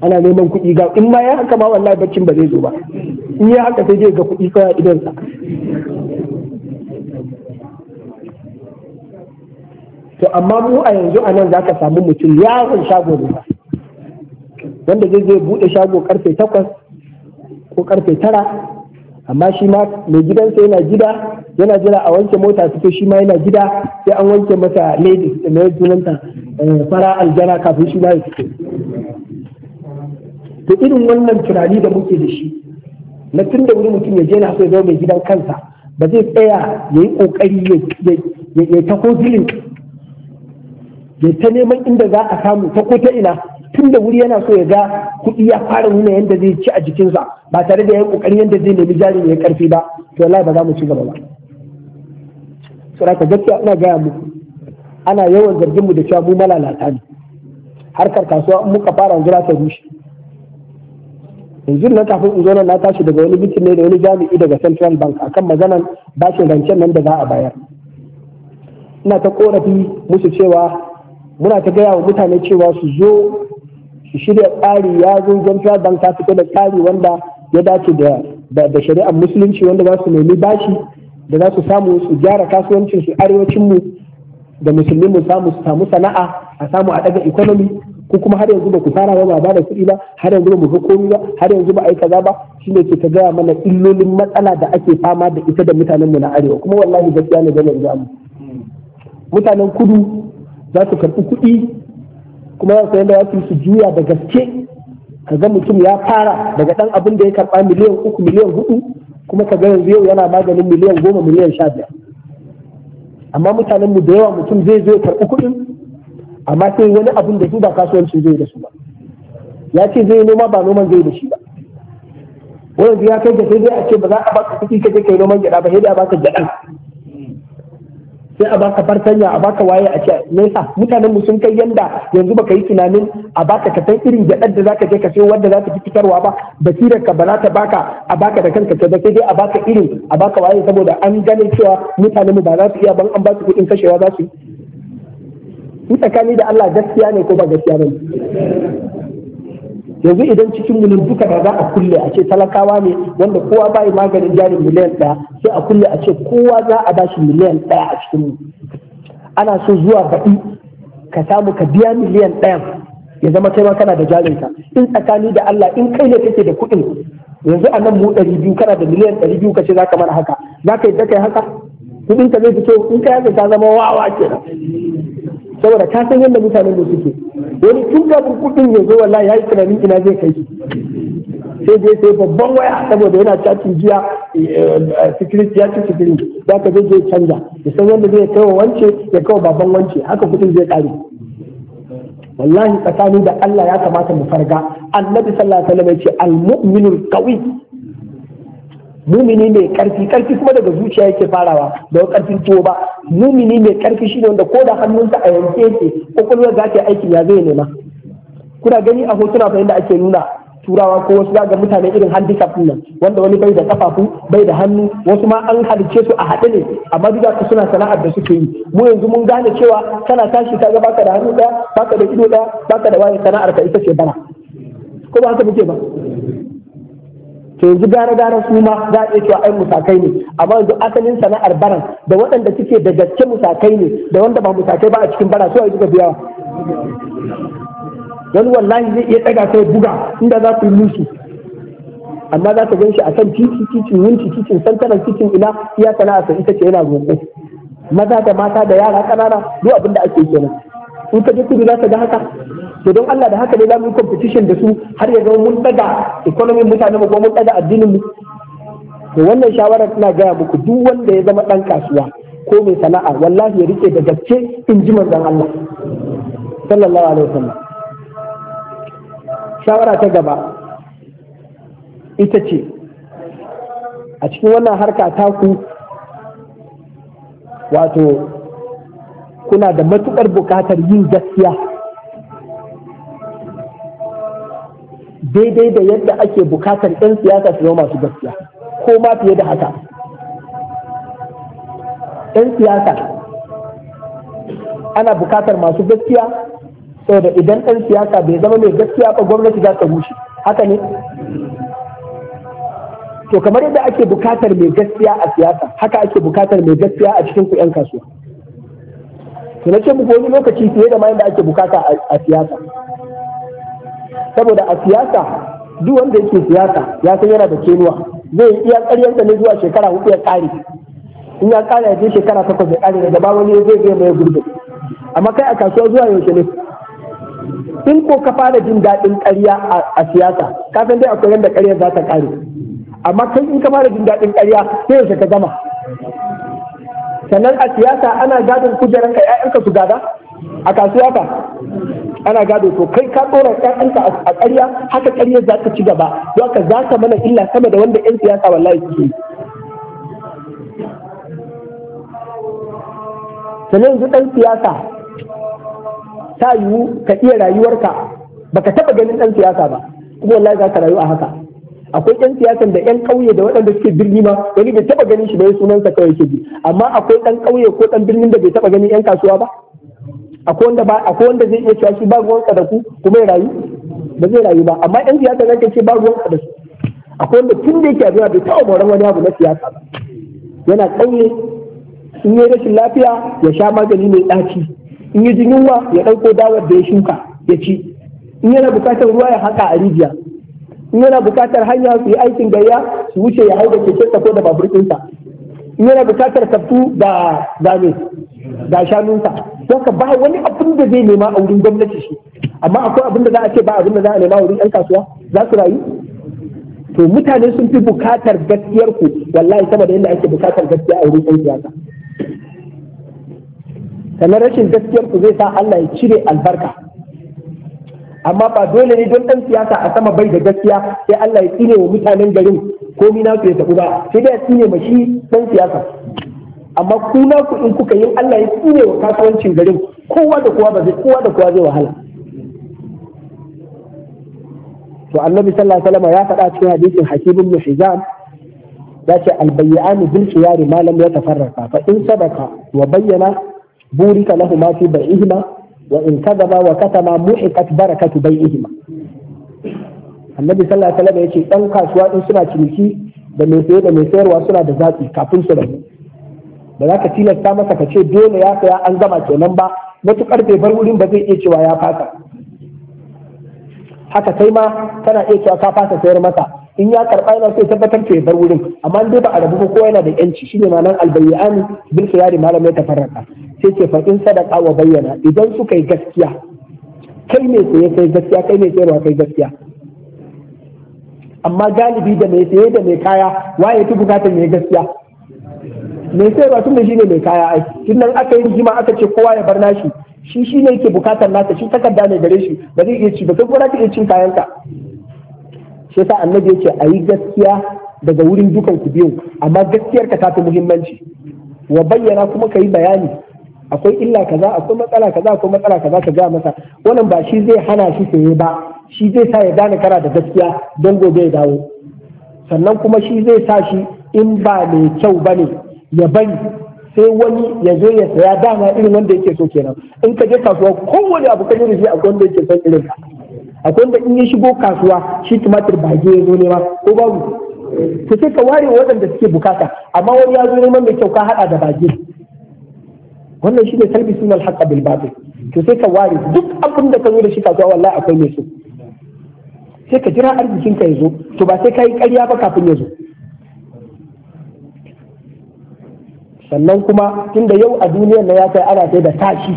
ana neman kuɗi ga in ma ya haka ma wallahi baccin ba zai zo ba in ya haka sai zai ga kuɗi tsaya sa, to amma mu a yanzu a nan za ka samu mutum yaron shago ne ba wanda zai zai buɗe shago karfe takwas ko karfe tara amma shi ma mai gidansa yana gida yana jira a wanke mota fito shi ma yana gida sai an wanke masa ladies da mai eh, fara aljana kafin shi ma ya fito to irin wannan tunani da muke da shi na tun da wuri mutum ya je na so ya mai gidan kansa ba zai tsaya ya yi kokari ya ta ko zilin ya ta neman inda za a samu ta ko ta ina tun da wuri yana so ya ga kuɗi ya fara nuna yadda zai ci a jikinsa ba tare da ya yi kokari yadda zai nemi jari ya karfi ba to wallahi ba za mu ci gaba ba saboda gaskiya ina gaya muku ana yawan zargin mu da cewa mu malalata ne harkar kasuwa in muka fara zura ta rushe yanzu na kafin in zo nan na tashi daga wani bitin ne da wani jami'i daga central bank akan maganan bashin rancen nan da za a bayar ina ta korafi musu cewa muna ta gaya wa mutane cewa su zo su shirya tsari ya zo central bank ta fito da tsari wanda ya dace da shari'ar musulunci wanda za su nemi bashi da za su samu su gyara kasuwancin su arewacin mu da musulmi mu samu su samu sana'a a samu a daga economy ko kuma har yanzu ba ku fara ba ba da kuɗi ba har yanzu ba mu ga komai ba har yanzu ba a kaza ba shine ke ta gaya mana illolin matsala da ake fama da ita da mutanen mu na arewa kuma wallahi gaskiya ne ga mu mutanen kudu za su karɓi kuɗi kuma za su yanda za su juya da gaske ka ga mutum ya fara daga dan abin da ya karɓa miliyan uku miliyan hudu kuma ka ga yanzu yau yana maganin miliyan goma miliyan sha biyar amma mutanen mu da yawa mutum zai zo ya karɓi kuɗin amma sai wani abun da shi ba kasuwanci zai da su ba ya ce zai noma ba noman zai da shi ba wani ya kai da sai dai a ce ba za a baka kuɗi ka kai noman gyaɗa ba sai dai a baka gyaɗa sai a baka fartanya a baka waye a ce nesa mutanen mu sun kai yanda yanzu baka yi tunanin a baka ka san irin gyaɗar da zaka je ka sayo wanda zaka fi fitarwa ba basirar ka ba za ta baka a baka da kanka ba sai dai a baka irin a baka waye saboda an gane cewa mutanen mu ba za su iya ban an ba su kuɗin kashewa za su yi in tsakani da Allah gaskiya ne ko ba gaskiya ne yanzu idan cikin gudun duka da za a kulle a ce talakawa ne wanda kowa bai maganin jarin miliyan ɗaya sai a kulle a ce kowa za a bashi miliyan ɗaya a cikin mu ana so zuwa baɗi ka samu ka biya miliyan ɗaya. ya zama kai ma kana da jarinka in tsakani da Allah in kai ne kake da kuɗin yanzu a nan mu ɗari biyu kana da miliyan ɗari biyu ka ce za ka mana haka za ka yi da kai haka kuɗin ka zai fito in ka yaka ka zama wawa kenan saboda ka san yadda mutanen da suke wani tun kafin kudin ya zo wallahi yi tunani ina zai kai sai dai sai babban waya saboda yana cacin jiya eh, eh, security ya ci security za ka zai zai canja ya san yadda zai kai wa wance ya kawo babban wance haka kudin zai kare wallahi tsakani da Allah ya kamata mu farga annabi sallallahu alaihi wasallam ya ce al-mu'minul qawi mumini mai karfi karfi kuma daga zuciya yake farawa da karfin tuwo ba mumini mai karfi ne wanda ko da hannunsa a yanke yake kokolwar za ta aiki ya zai nema kuna gani a hotuna fa inda ake nuna turawa ko wasu ga mutane irin handicap nan wanda wani bai da kafafu bai da hannu wasu ma an halice su a haɗe ne amma duk da suna sana'ar da suke yi mu yanzu mun gane cewa kana tashi ka ga baka da hannu daya baka da ido daya baka da wani sana'ar ka ita ce bara ko ba haka muke ba to yanzu gara gara su ma za a iya cewa ai musakai ne amma yanzu asalin sana'ar baran da waɗanda suke da gaske musakai ne da wanda ba musakai ba a cikin bara su a yi duka biyawa wani wallahi zai iya ɗaga sai buga inda za su yi musu amma za ka gan shi a kan titi titin wunci titin santanan titin ina iya sana'a ita ce yana roƙo maza da mata da yara kanana duk abin da ake kenan in ka je kudu za ka ga haka to don Allah da haka ne zamu competition da su har ya zama mun daga economy mutane mu ko mun daga addinin mu to wannan shawara tana gaya muku duk wanda ya zama dan kasuwa ko mai sana'a wallahi ya rike da gaske in ji manzon Allah sallallahu alaihi wasallam shawara ta gaba ita ce a cikin wannan harka taku wato kuna da matuƙar buƙatar yin gaskiya daidai da yadda ake buƙatar 'yan siyasa su zama masu gaskiya ko ma fiye da haka 'yan siyasa ana buƙatar masu gaskiya saboda idan ɗan siyasa bai zama mai gaskiya ba gwamnati za ta rushe haka ne to kamar yadda ake buƙatar mai gaskiya a siyasa haka ake buƙatar mai gaskiya a cikin ku 'yan kasuwa to na ce muku wani lokaci fiye da ma da ake bukata a siyasa saboda a siyasa duk wanda yake siyasa ya san yana da kenuwa zai iya ƙaryarsa ne zuwa shekara hudu ya ƙare in ya ƙare ya je shekara takwas ya ƙare daga ba wani zai zai mai gurbin amma kai a kasuwa zuwa yaushe ne in ko ka fara jin daɗin ƙarya a siyasa ka san dai akwai yadda ƙarya za ta ƙare amma kai in ka fara jin daɗin ƙarya sai yaushe ka gama sannan a siyasa ana gadon kujeran ka ƴaƴanka su gada a kasuwa ka ana gado to kai ka tsora ƴaƴanka a ƙarya haka ƙarya za ta ci gaba don haka za ka mana illa sama da wanda ƴan siyasa wallahi suke sannan yanzu ɗan siyasa ta yiwu ka iya rayuwarka baka taɓa ganin ɗan siyasa ba kuma wallahi za ka rayu a haka akwai ɗan siyasan da ɗan ƙauye da waɗanda suke birni ma wani bai taɓa ganin shi bai sunansa kawai yake bi amma akwai ɗan ƙauye ko ɗan birnin da bai taɓa ganin ƴan kasuwa ba akwai wanda ba akwai wanda zai iya cewa shi ba ruwan kadaku kuma ya rayu ba zai rayu ba amma ɗan siyasa zaka ce ba ruwan kadaku akwai wanda tun da yake addu'a bai taɓa moran wani abu na siyasa ba yana ƙauye. in yi rashin lafiya ya sha magani mai ɗaci in yi jin yunwa ya ɗauko dawar da ya shuka ya ci in yana bukatar ruwa ya haƙa a rijiya in yana bukatar hanya su yi aikin gayya su wuce ya hau da keke ko da babur in yana bukatar kaftu da zane da shanunsa don ka ba wani abin da zai nema a wurin gwamnati shi amma akwai abin da za a ce ba abin da za a nema a wurin 'yan kasuwa za su rayu to mutane sun fi bukatar gaskiyar ku wallahi sama da yadda ake bukatar gaskiya a wurin 'yan siyasa sannan rashin gaskiyar ku zai sa Allah ya cire albarka amma ba dole ne don ɗan siyasa a sama bai da gaskiya sai Allah ya tsine wa mutanen garin ko mina su ya tafi ba sai dai ya tsine ma shi ɗan siyasa amma ku na ku in kuka yi Allah ya tsine wa kasuwancin garin kowa da kowa ba zai kowa da kowa zai wahala to annabi sallallahu alaihi wasallam ya faɗa cikin hadisin hakim ibn hizam ya ce albayyani bil khiyari ma lam yatafarraqa fa in sabaka wa bayyana burika lahum ma fi bai'ihima wa in kadaba wa katama muhiqat barakatu bai'ihima annabi sallallahu alaihi wasallam yace dan kasuwa din suna ciniki da mai saye da mai sayarwa suna da zaɓi kafin su rabu ba za ka tilasta masa ka ce dole ya saya an gama kenan ba matuƙar bai bar wurin ba zai iya cewa ya fasa haka kai ma tana iya cewa ka fasa sayar masa in ya karɓa yana sai tabbatar ya bar wurin amma dai ba a rabu ko yana da yanci shine ma nan albayyani bil Yari, malam ya tafarraka sai ce faɗin sadaka wa bayyana idan suka yi gaskiya kai ne saye kai gaskiya kai ne sayarwa kai gaskiya amma galibi da mai saye da mai kaya waye fi bukatar mai gaskiya mai sayarwa tun da shi ne mai kaya ai tun nan aka yi rigima aka ce kowa ya bar nashi shi shi ne yake bukatar nasa shi takarda ne gare shi ba zai iya ci ba kai kuma ka iya cin kayanka sai yasa annabi yace a yi gaskiya daga wurin dukan ku biyu amma gaskiyarka ta fi muhimmanci wa bayyana kuma ka yi bayani akwai illa kaza akwai matsala kaza akwai matsala kaza ka gaya masa wannan ba shi zai hana shi saye ba shi zai sa ya gane kara da gaskiya don gobe ya dawo sannan kuma shi zai sa shi in ba mai kyau ba ne ya bari sai wani ya zo ya saya dama irin wanda yake so kenan in ka je kasuwa kowane abu kan yi akwai wanda yake son irin akwai wanda in ya shigo kasuwa shi tumatir bage ya zo ne ba ko babu Ka sai ka ware waɗanda suke bukata amma wani ya zo neman mai kyau ka haɗa da bage wannan shi ne salbi sunan haƙa bil to sai ka ware duk abin da ka zo da shi kasuwa wallahi akwai mai su, sai ka jira arzikin ka ya zo to ba sai ka yi ƙarya ba kafin ya zo sannan kuma tunda yau a duniyar na ya kai ana sai da tashi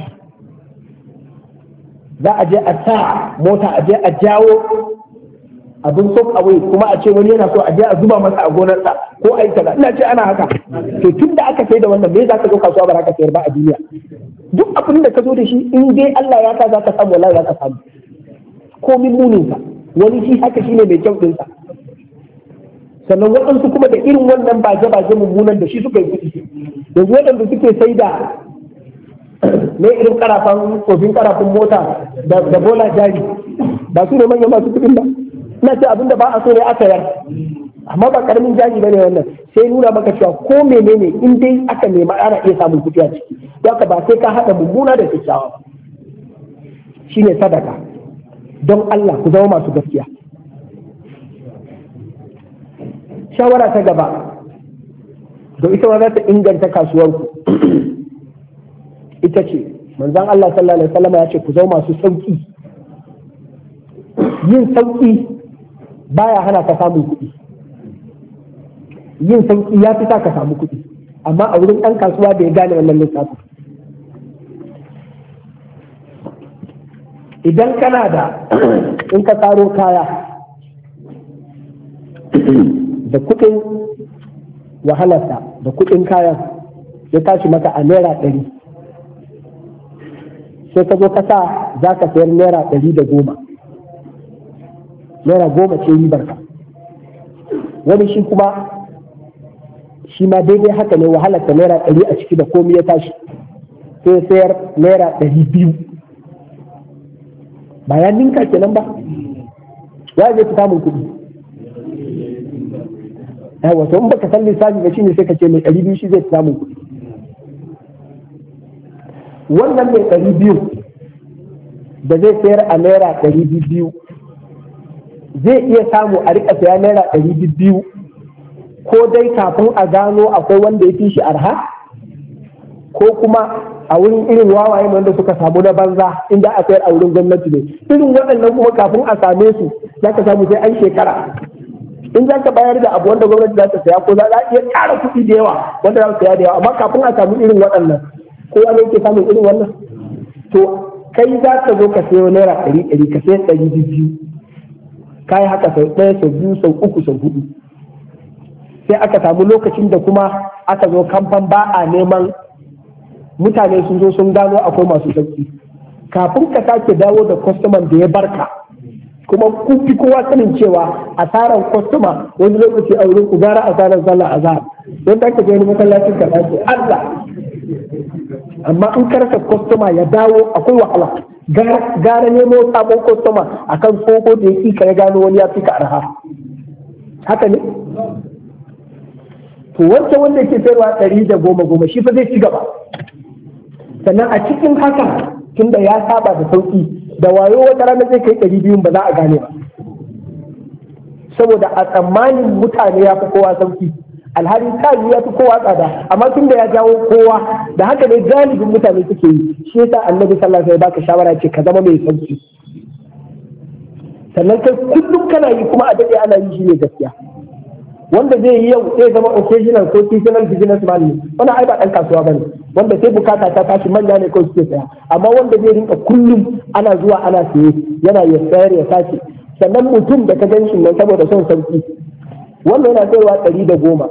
za a je a sa mota a je a jawo abin sok away kuma a ce wani yana so a je a zuba masa a gonarsa ko a yi kaza ina ce ana haka to tun da aka sai da wannan me za ka zo kasuwa ba za ka sayar ba a duniya duk abin da ka zo da shi in dai Allah ya ka za ka samu wallahi za ka samu ko min ka wani shi haka shine mai kyau ɗinsa, sannan waɗansu kuma da irin wannan baje-baje mummunan da shi suka yi kuɗi yanzu waɗanda suke sai da ne irin karafan tsofin karafin mota da bola jari ba su ne manyan masu kuɗin ba na ce abinda ba a so ne aka yar amma ba karamin jaji bane wannan sai nuna maka cewa ko menene in dai aka nema ana iya samun kuɗi a ciki don ba sai ka haɗa mummuna da kyakkyawa shine sadaka don Allah ku zama masu gaskiya shawara ta gaba da ita ma za ta inganta kasuwarku ita ce manzan Allah sallallahu alaihi wasallam ya ce ku zama masu sauki yin sauki baya hana ka samun kuɗi yin sauki ya fi sa ka samu kuɗi amma a wurin ɗan kasuwa da ya gane wannan lissafi idan kana da in ka tsaro kaya da kuɗin wahalarsa da kuɗin kayan ya tashi maka a naira ɗari sai ka zo ka sa za ka sayar naira ɗari da goma naira goma ce ribar ka wani shi kuma shi ma daidai haka ne wahalar ta naira ɗari a ciki da komi ya tashi sai sayar naira ɗari biyu ba ya ninka kenan ba ya je fi samun kuɗi ya eh, wasu in baka san lissafi ba shine sai ka ce mai ɗari biyu shi zai fi samun kuɗi wannan mai ɗari biyu da zai sayar a naira ɗari biyu zai iya samu a rika saya naira ɗari biyu ko dai kafin a gano akwai wanda ya fi shi arha ko kuma a wurin irin wawaye wanda suka samu na banza inda a sayar a wurin gwamnati ne irin waɗannan kuma kafin a same su za ka samu sai an shekara in za ka bayar da abu wanda gwamnati za ta saya ko za a iya ƙara kuɗi da yawa wanda za su saya da yawa amma kafin a samu irin waɗannan kowa ne ke samun irin wannan to kai za ka zo ka sayo naira ɗari ɗari ka sayo ɗari biyu ka haka sau ɗaya sau biyu sau uku sau hudu sai aka samu lokacin da kuma aka zo kamfan ba a neman mutane sun zo sun gano akwai masu sauki kafin ka sake dawo da kwastoman da ya barka kuma kufi kowa sanin cewa asaran kwastoma wani lokaci a wurin ku gara asaran a azhar don ta ka wani masallacin ka dace Allah amma in karka kwastoma ya dawo akwai wahala gara nemo sabon kostoma a kan koko da ya ka ya gano wani ya fi ka arha haka ne to wancan wanda ke sayarwa ɗari da goma goma shi fa zai ci gaba sannan a cikin haka tunda ya saba da sauki da wayo wata rana zai kai ɗari biyun ba za a gane ba saboda a tsammanin mutane ya fi kowa sauki alhali kai ya fi kowa tsada amma tun da ya jawo kowa da haka ne galibin mutane suke yi shi yasa annabi sallallahu alaihi baka shawara ce ka zama mai sauki sannan kai kullum kana yi kuma a dade ana yi shi ne gaskiya wanda zai yi yau sai zama occasional ko seasonal business man ne wannan ai ba dan kasuwa bane wanda sai bukata ta tashi manya ne ko suke saya amma wanda zai rinka kullum ana zuwa ana saye yana ya sayar ya tashi sannan mutum da ka gan shi nan saboda son sauki wannan yana sayarwa ɗari da goma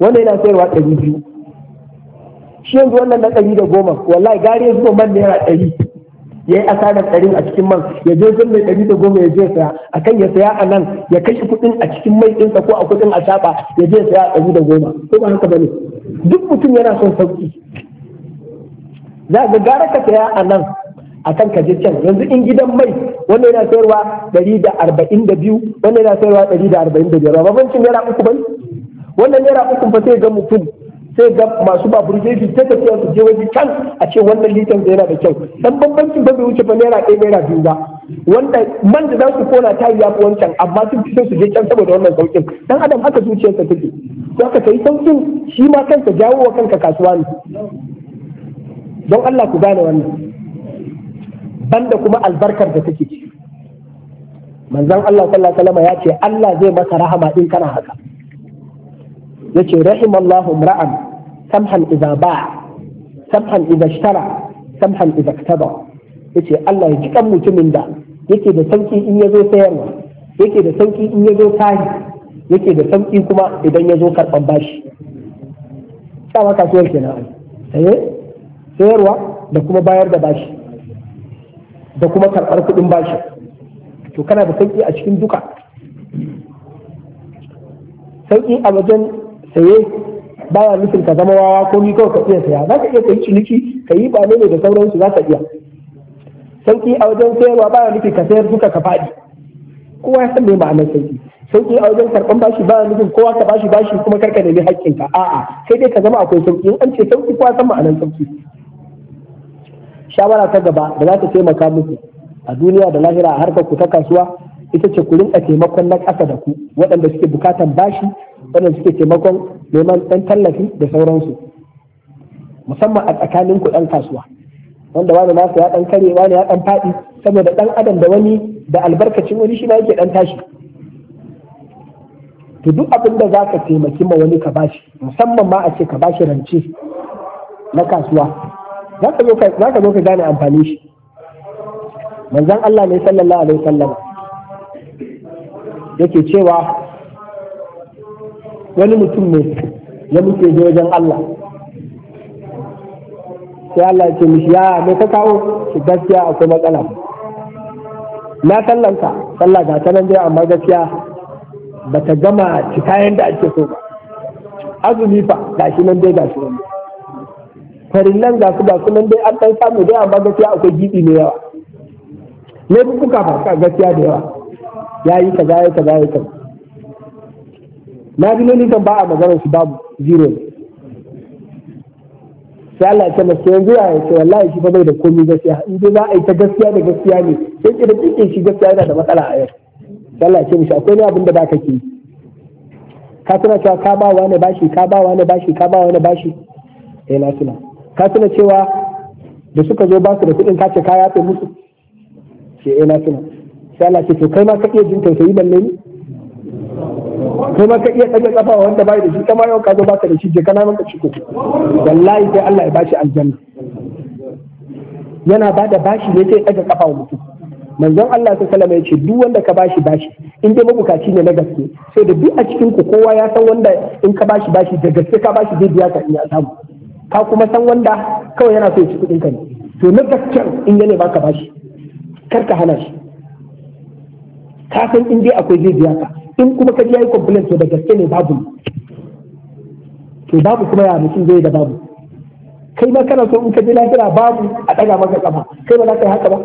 wanda yana sayarwa ɗari biyu shi yanzu wannan na ɗari da goma wallahi gari ya zuba man naira ɗari ya yi asarar ɗarin a cikin man ya je zan mai ɗari da goma ya je saya a kan ya saya a nan ya kashe kuɗin a cikin mai ɗinsa ko a kuɗin a shaɓa ya je saya a ɗari da goma ko ba haka ba ne duk mutum yana son sauƙi za ga gara ka saya a nan a ka je can yanzu in gidan mai wanda yana sayarwa dari da arba'in da biyu wanda yana sayarwa dari da arba'in da biyar ba babancin naira uku bane wannan naira uku fa sai ga mutum sai ga masu babur sai ta tafiya su je waje can a ce wannan litan yana da kyau dan bambancin ba bai wuce ba naira ɗaya naira biyu ba wanda man da za su kona ta yi yafi wancan amma sun fi su je can saboda wannan saukin dan adam haka zuciyarsa take to haka kai saukin shi ma kanka jawo wa kanka kasuwa ne don Allah ku gane wannan banda kuma albarkar da take ciki manzon Allah sallallahu alaihi wasallam ya ce Allah zai masa rahama in kana haka yace rahimallahu imra'an samhan idza ba'a samhan idza ishtara samhan idza iktaba yace Allah ya ji kan mutumin da yake da sauki in ya zo sayarwa yake da sauki in ya zo tahi yake da sauki kuma idan ya zo karban bashi waka kasuwar kenan ai eh? sayarwa da kuma bayar da bashi da kuma karɓar kuɗin bashi to kana da sauƙi a cikin duka sauƙi a wajen saye baya nufin ka zama wawa ko ni kawai ka iya saya za ka iya yi ciniki ka yi ba ne da sauransu za ka iya sauƙi a wajen sayarwa baya nufin ka sayar duka ka faɗi kowa ya san me ma'anar sauƙi sauƙi a wajen karɓan bashi baya nufin kowa ka bashi bashi kuma karka nemi haƙƙinka a'a sai dai ka zama akwai sauƙi in an ce sauƙi kowa san ma'anar sauƙi shawara ta gaba da za ta taimaka muku a duniya da lahira a harkar ku ta kasuwa ita ce ku rinka taimakon na ƙasa da ku waɗanda suke bukatan bashi waɗanda suke taimakon neman ɗan tallafi da sauransu musamman a tsakanin ku ɗan kasuwa wanda wani nasa ya ɗan kare wani ya ɗan faɗi saboda ɗan adam da wani da albarkacin wani shi ma yake ɗan tashi to duk abin da za ka taimaki ma wani ka bashi musamman ma a ce ka bashi rance na kasuwa za ka zo ka gane amfani shi manzan Allah ne sallallahu alaihi wasallam yake cewa wani mutum ne ya muke je wajen Allah sai Allah ya ce mishi ya me ka kawo shi gaskiya akwai matsala na sallanta sallah ga ta nan dai amma gaskiya ba ta gama cika yadda ake so ba azumi fa gashi nan dai gashi nan farillan ga su ga su nan dai an ɗan samu dai amma gaskiya akwai gidi mai yawa kuka ba ka gaskiya da yawa ya yi kaza ya kaza ya kaza na bi loli ba a maganar su babu zero sai Allah ya ce masu yanzu ya ce wallahi shi fa bai da komai gaskiya in dai za a yi ta gaskiya da gaskiya ne sai ki da kike shi gaskiya yana da matsala a yau sai Allah ya ce mishi akwai ne abin da ba ka ke ka tana cewa ka ba wani bashi ka ba wani bashi ka ba wani bashi eh na tuna ka tuna cewa da suka zo ba su da kuɗin kace kaya ta musu ke ina eh, na tuna sai Allah ce to kai ma ka iya jin tausayi balle ni kai ma ka iya ɗaga kafa wanda bai da shi kama yau ka zo ba ka da shi je kana maka ciko wallahi sai Allah ya bashi aljanna yana ba da bashi ne sai ɗaga kafa wa mutum manzon Allah sai salama ya ce duk wanda ka bashi bashi in dai mabukaci ne na gaske sai da duk a cikin ku kowa ya san wanda in ka bashi bashi da gaske ka bashi zai biya ka in ya samu ka kuma san wanda kawai yana so ya ci kuɗin ka ne to na gaskiyar in yana baka bashi kar ka hana shi ka san in dai akwai zai biya ka in kuma ka ji yayi complain to da gaske ne babu to babu kuma ya mutum zai da babu kai ma kana so in ka ji lafiya babu a daga maka kafa kai ba za ka yi haka ba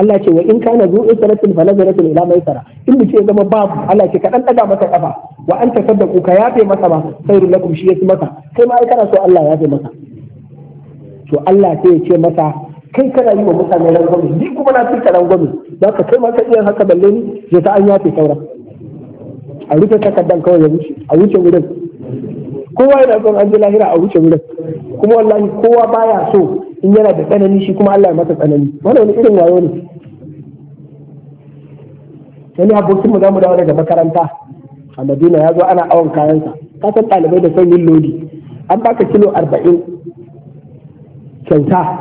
Allah ce wa in kana zuwa sanatin falazaratin nazaratin ila maisara in mu ce zama babu Allah ce kaɗan ɗaga masa ƙafa. wa an ta kuka ka yafe masa ba. khairu lakum shi ya fi masa kai ma ai kana so Allah yafe masa to Allah sai ya ce masa kai kana yi wa mutane rangwame ni kuma na fita rangwame za ka kai ma ka iya haka balle ni ya ta an yafe sauran a rufe takardan kawai ya wuce a wuce wurin kowa yana son an ji lahira a wuce wurin kuma wallahi kowa baya so in yana da tsanani shi kuma Allah ya masa tsanani wannan wani irin wayo ne wani abokinmu za mu dawo daga makaranta a madina ya zo ana awon kayansa ka san ɗalibai da son yin lodi an baka kilo arba'in kyauta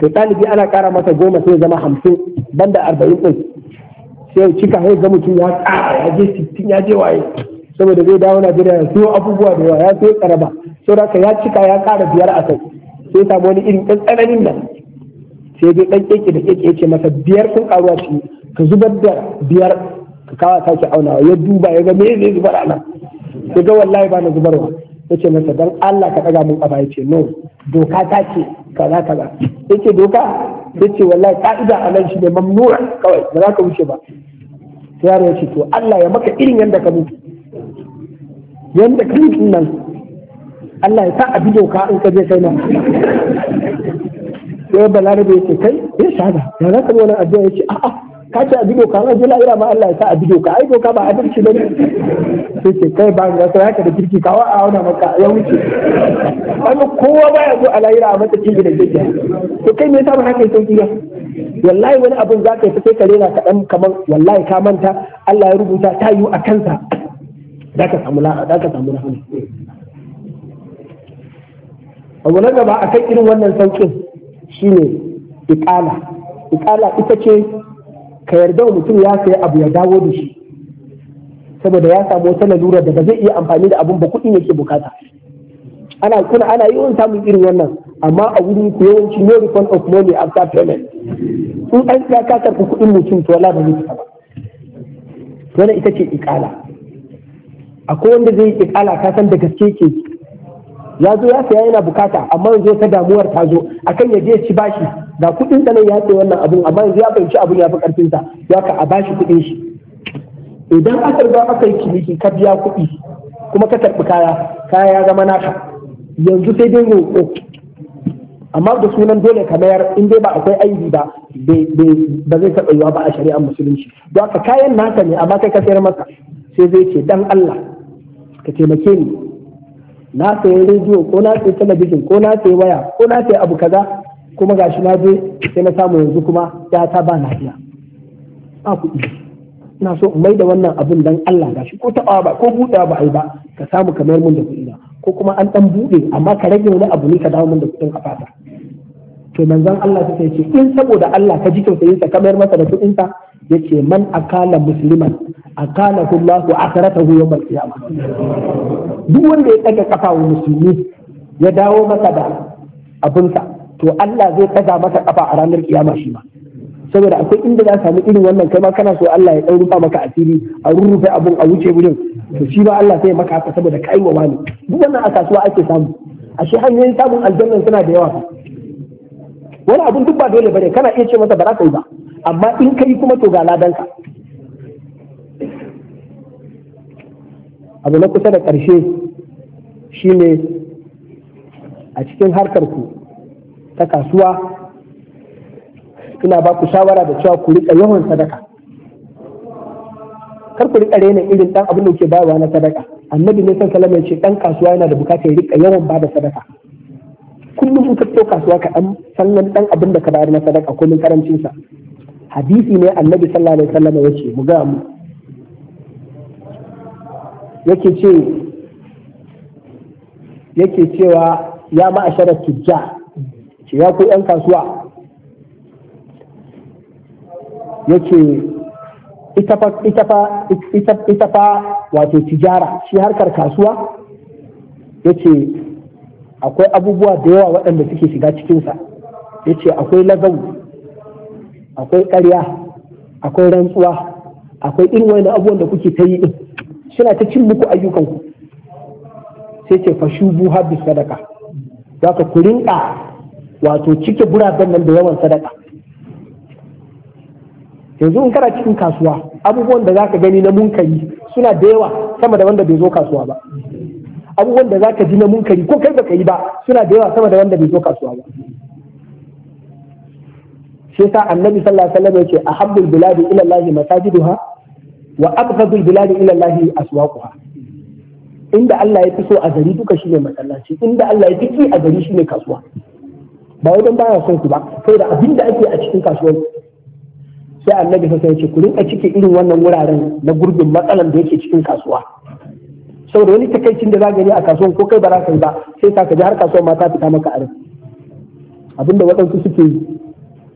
to ɗalibi ana ƙara masa goma sai zama hamsin banda arba'in ɗin sai cika sai zama mutum ya ƙara ya je sittin ya je waye saboda zai dawo Najeriya ya siyo abubuwa da yawa ya siyo karaba sau da ya cika ya ƙara biyar a kai sai samu wani irin ɗan tsananin nan sai dai ɗan keke da keke ya ce masa biyar sun ƙaruwa ciki ka zubar da biyar ka kawo sake aunawa ya duba ya ga me zai zubar ana ya ga wallahi ba na zubarwa ce masa dan Allah ka daga mun kafa ce no doka ta ce kaza kaza ce doka ya ce wallahi ka'ida a nan shi ne mamnura kawai ba za ka wuce ba yaro ya ce to Allah ya maka irin yanda ka mutu yanda ka mutu nan Allah ya sa abi bi doka in ka je kai nan sai balarabe ce kai ya shahada ya za ka zo nan addu'a ce a'a ka ce a bi ka? an je la'ira ma Allah ya sa a bi ka. ai doka ba adalci ba ne sai ce kai ba ga sai haka da kirki kawo a auna maka ya wuce wani kowa ba ya zo a la'ira a mata cikin da kike to kai me yasa ba haka sauki ba wallahi wani abin za ka yi sai ka rena kaɗan kamar wallahi ka manta Allah ya rubuta ta yiwu a kansa za ka samu la'a za ka samu rahama abu na gaba a kan irin wannan sauƙin shine iƙala iƙala ita ce ka yarda mutum ya sayi abu ya dawo da shi saboda ya samu wata lalura da ba zai iya amfani da abun ba kuɗi yake bukata ana kuna ana yawan samun irin wannan amma a wurin ku yawanci no refund of money after payment in an ya ka karɓi kuɗin mutum to wala ba zai ba wannan ita ce ikala akwai wanda zai ikala ka san da gaske ke ya zo ya saya yana bukata amma yanzu ta damuwar ta zo akan ya je ci bashi da kuɗin sa nan ya ce wannan abun amma yanzu ya fahimci abun ya fi karfin sa ya ka a bashi kuɗin shi idan aka riga aka yi ciniki ka biya kuɗi kuma ka tarbi kaya kaya ya zama naka yanzu sai dai roƙo amma da sunan dole ka mayar in dai ba akwai aibi ba ba zai taɓa yiwa ba a shari'ar musulunci don haka kayan naka ne amma kai ka sayar masa sai zai ce dan Allah ka taimake ni na sayi rediyo ko na sayi talabijin ko na sayi waya ko na sayi abu kaza kuma gashi na je sai na samu yanzu kuma ya ta ba lafiya ba kuɗi ina so in mai da wannan abun dan Allah gashi ko ta ba ko buɗe ba ai ba ka samu kamar mun da kuɗi na ko kuma an ɗan buɗe amma ka rage wani abu ne ka dawo mun da kuɗin a fata to manzon Allah sai ce in saboda Allah ka ji tausayin sa kamar masa da kuɗin sa yace man akala musliman akala kullahu akaratahu yawm al-qiyamah duk wanda ya daga kafa wa musulmi ya dawo masa da sa to Allah zai tsaka masa kafa a ranar kiyama shi ma saboda akwai inda za sami irin wannan kai ma kana so Allah ya dan rufa maka asiri a rurrufe abun a wuce gurin to shi ba Allah sai maka haka saboda kai wa wani duk wannan a kasuwa ake samu ashe hanyoyin samun aljanna suna da yawa wani abun duk ba dole bane kana iya ce masa ba za ka yi ba amma in ka yi kuma to ga ladansa abu na kusa da ƙarshe shi ne a cikin harkar ta kasuwa ina ba ku shawara da cewa ku riƙa yawan sadaka kar ku riƙa rena irin ɗan abin da ke bayarwa na sadaka annabi ne san salama ya ce ɗan kasuwa yana da bukatar ya riƙa yawan ba da sadaka kullum in ka kasuwa ka ɗan sannan ɗan abin da ka bayar na sadaka ko min karancinsa hadisi ne annabi sallallahu alaihi wasallam ya ce mu ga mu yake ce yake cewa ya ma'asharar tijja ce ya ku yan kasuwa yake ita fa ita fa wato tijara shi harkar kasuwa yace akwai abubuwa da yawa waɗanda suke shiga cikinsa yace akwai lazawu akwai ƙarya akwai rantsuwa akwai irin wani abubuwan da kuke ta yi ɗin suna ta cin muku ayyukanku sai ce fa shubu habbi sadaka za ka ku rinka wato cike guraben nan da yawan sadaka yanzu in kana cikin kasuwa abubuwan da za ka gani na munkari suna da yawa sama da wanda bai zo kasuwa ba abubuwan da za ka ji na munkari ko kai baka yi ba suna da yawa sama da wanda bai zo kasuwa ba shi yasa annabi sallallahu alaihi wasallam yace ahabbul biladi ila Allah masajiduha wa abghadul biladi ila Allah aswaquha inda Allah ya fi so a gari duka shine masallaci inda Allah ya fi ki a gari shine kasuwa ba wai dan baya son ku ba sai da abin da ake a cikin kasuwar sai annabi sai ya ce ku rinka cike irin wannan wuraren na gurbin matsalan da yake cikin kasuwa saboda wani takaicin da za gani a kasuwar ko kai ba za ka yi ba sai ka ji har kasuwar ma ta fita maka arin abinda waɗansu suke yi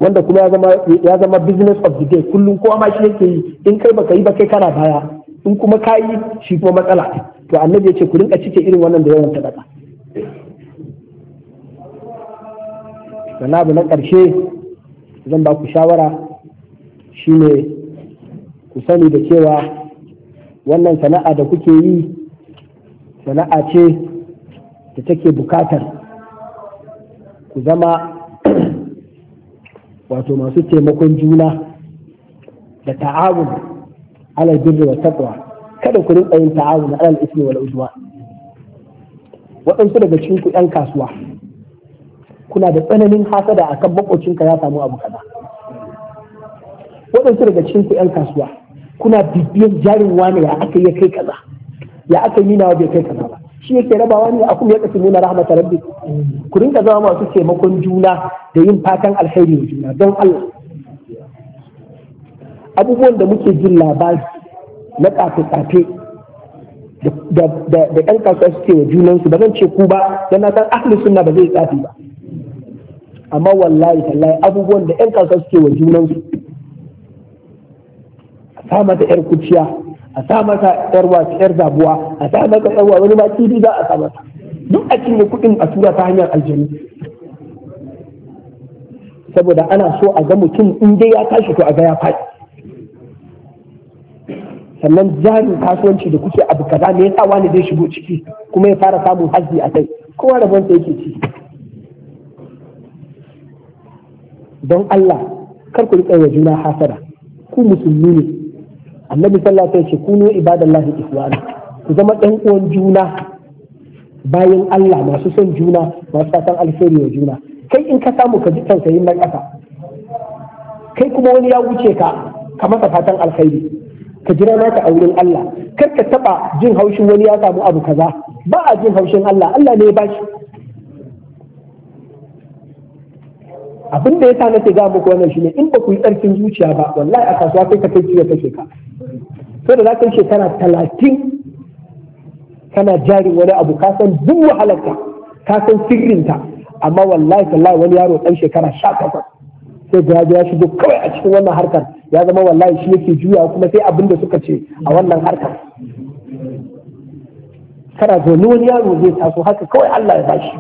wanda kuma ya zama business of the day kullum kowa ma shi yake yi in kai baka yi ba kai kana baya in kuma ka yi shi kuma matsala to annabi ya ce ku rinka cike irin wannan da yawan sadaka sannan na ƙarshe zan ba ku shawara shine ku sani da cewa wannan sana'a da kuke yi sana'a ce da take bukatar ku zama wato masu taimakon juna da ta'awun alal birri wa taqwa kada ku rinka yin ta'awun alal ismi wal udwa waɗansu daga cikin ku ƴan kasuwa kuna da tsananin hasada akan makocinka ya samu abu kaza waɗansu daga cikin ku ƴan kasuwa kuna bibiyar jarin wani ya aka yi kai kaza ya aka yi nawa bai kai kaza ba shi yake rabawa ne kuma ya kasu nuna rahmata rabbi ku rinka zama masu taimakon juna da yin fatan alheri wa juna don Allah abubuwan da muke jin labari na kafe-kafe da ɗan kasuwa suke wa junansu ba zan ce ku ba don na san ahli sunna ba zai tsafi ba amma wallahi tallahi abubuwan da ƴan kasuwa suke wa junansu sama da ƴar kuciya a sa masa yar wasu yar zabuwa a sa masa yar wani ma kiri za a sa masa duk a cinye kuɗin a tura ta hanyar aljanu saboda ana so a ga mutum in dai ya tashi to a ga ya faɗi sannan jami kasuwanci da kuke abu kaza ne yasa wani zai shigo ciki kuma ya fara samun hajji a kai kowa rabon sa yake ci don Allah kar ku riƙa wa juna hasara ku musulmi ne annabi sallallahu alaihi wasallam kunu ibadallahi ikhwana ku zama ɗan uwan juna bayan Allah masu son juna masu fatan alheri wa juna kai in ka samu ka ji tausayin yin kasa kai kuma wani ya wuce ka ka masa fatan alheri ka jira naka a wurin Allah kar ka taba jin haushin wani ya samu abu kaza ba a jin haushin Allah Allah ne ya bashi abin da ya yasa nake ga muku wannan shine in ba ku yi tsarkin zuciya ba wallahi a kasuwa kai ka kai ya kashe ka sai da za ka yi shekara talatin kana jari wani abu ka san duk wahalarka ka san sirrinta amma wallahi wallahi wani yaro dan shekara sha takwas sai da ya shigo kawai a cikin wannan harkar ya zama wallahi shi yake juya kuma sai abin da suka ce a wannan harkar kana zaune wani yaro zai taso haka kawai Allah ya bashi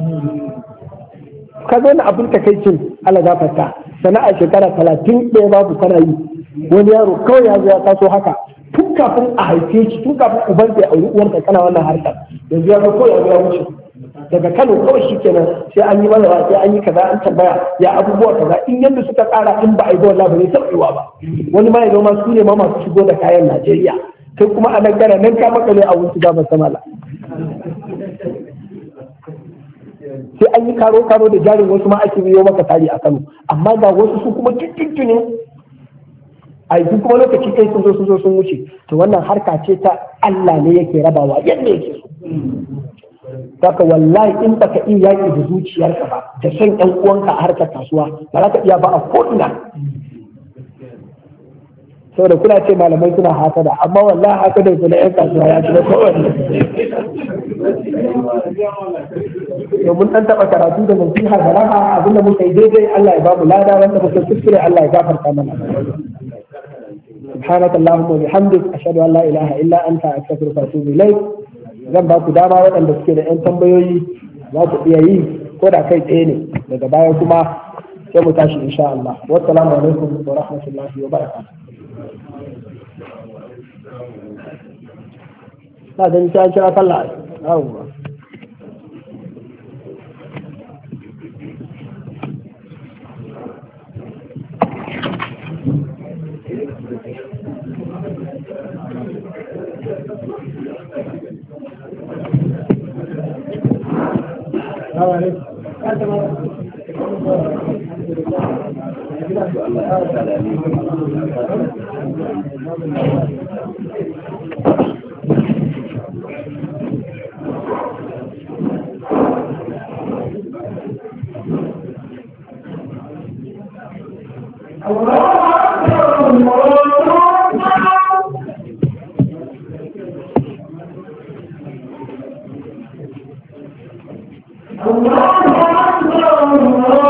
ka zo na abin takaicin ala gafarta sana'a shekara talatin ɗaya babu kana yi wani yaro kawai ya zo ya taso haka tun kafin a haife shi tun kafin uban ya auri uwarsa kana wannan harka yanzu ya zo kawai ya wuce daga Kano kawai shi nan sai an yi mana sai an yi kaza an tambaya ya abubuwa kaza in yadda suka kara in ba a yi ba wallahi ba zai sauƙewa ba wani ma ya zama su ne ma masu shigo da kayan Najeriya kai kuma a nan gara nan ka makale a wuce gaba samala sai an yi karo karo da jarin wasu ma ake biyo maka tari a Kano amma ga wasu su kuma tuntuntunin a yanzu kuma lokaci kai sun zo sun zo sun wuce to wannan harka ce ta Allah ne yake rabawa yadda yake so wallahi in baka iya yaƙi da zuciyarka ba da shan ƴan uwanka a harkar kasuwa ba za ka iya ba a ko'ina saboda kuna ce malamai suna haka da, amma wallahi hasada su na yan kasuwa ya shiga kowanne to mun dan taba karatu da nasiha da raha abinda muka yi daidai Allah ya bamu lada wanda muka kuskure Allah ya gafarta mana سبحانك اللهم وبحمدك أشهد أن لا إله إلا أنت أستغفرك وأتوب إليك zan ba ku dama waɗanda suke da 'yan tambayoyi za ku iya yi ko da kai tsaye ne daga baya kuma sai mu tashi insha Allah wassalamu alaikum wa rahmatullahi wa barakatuh هذا إنسان كذا طلع الله Thank you. الله أكبر الله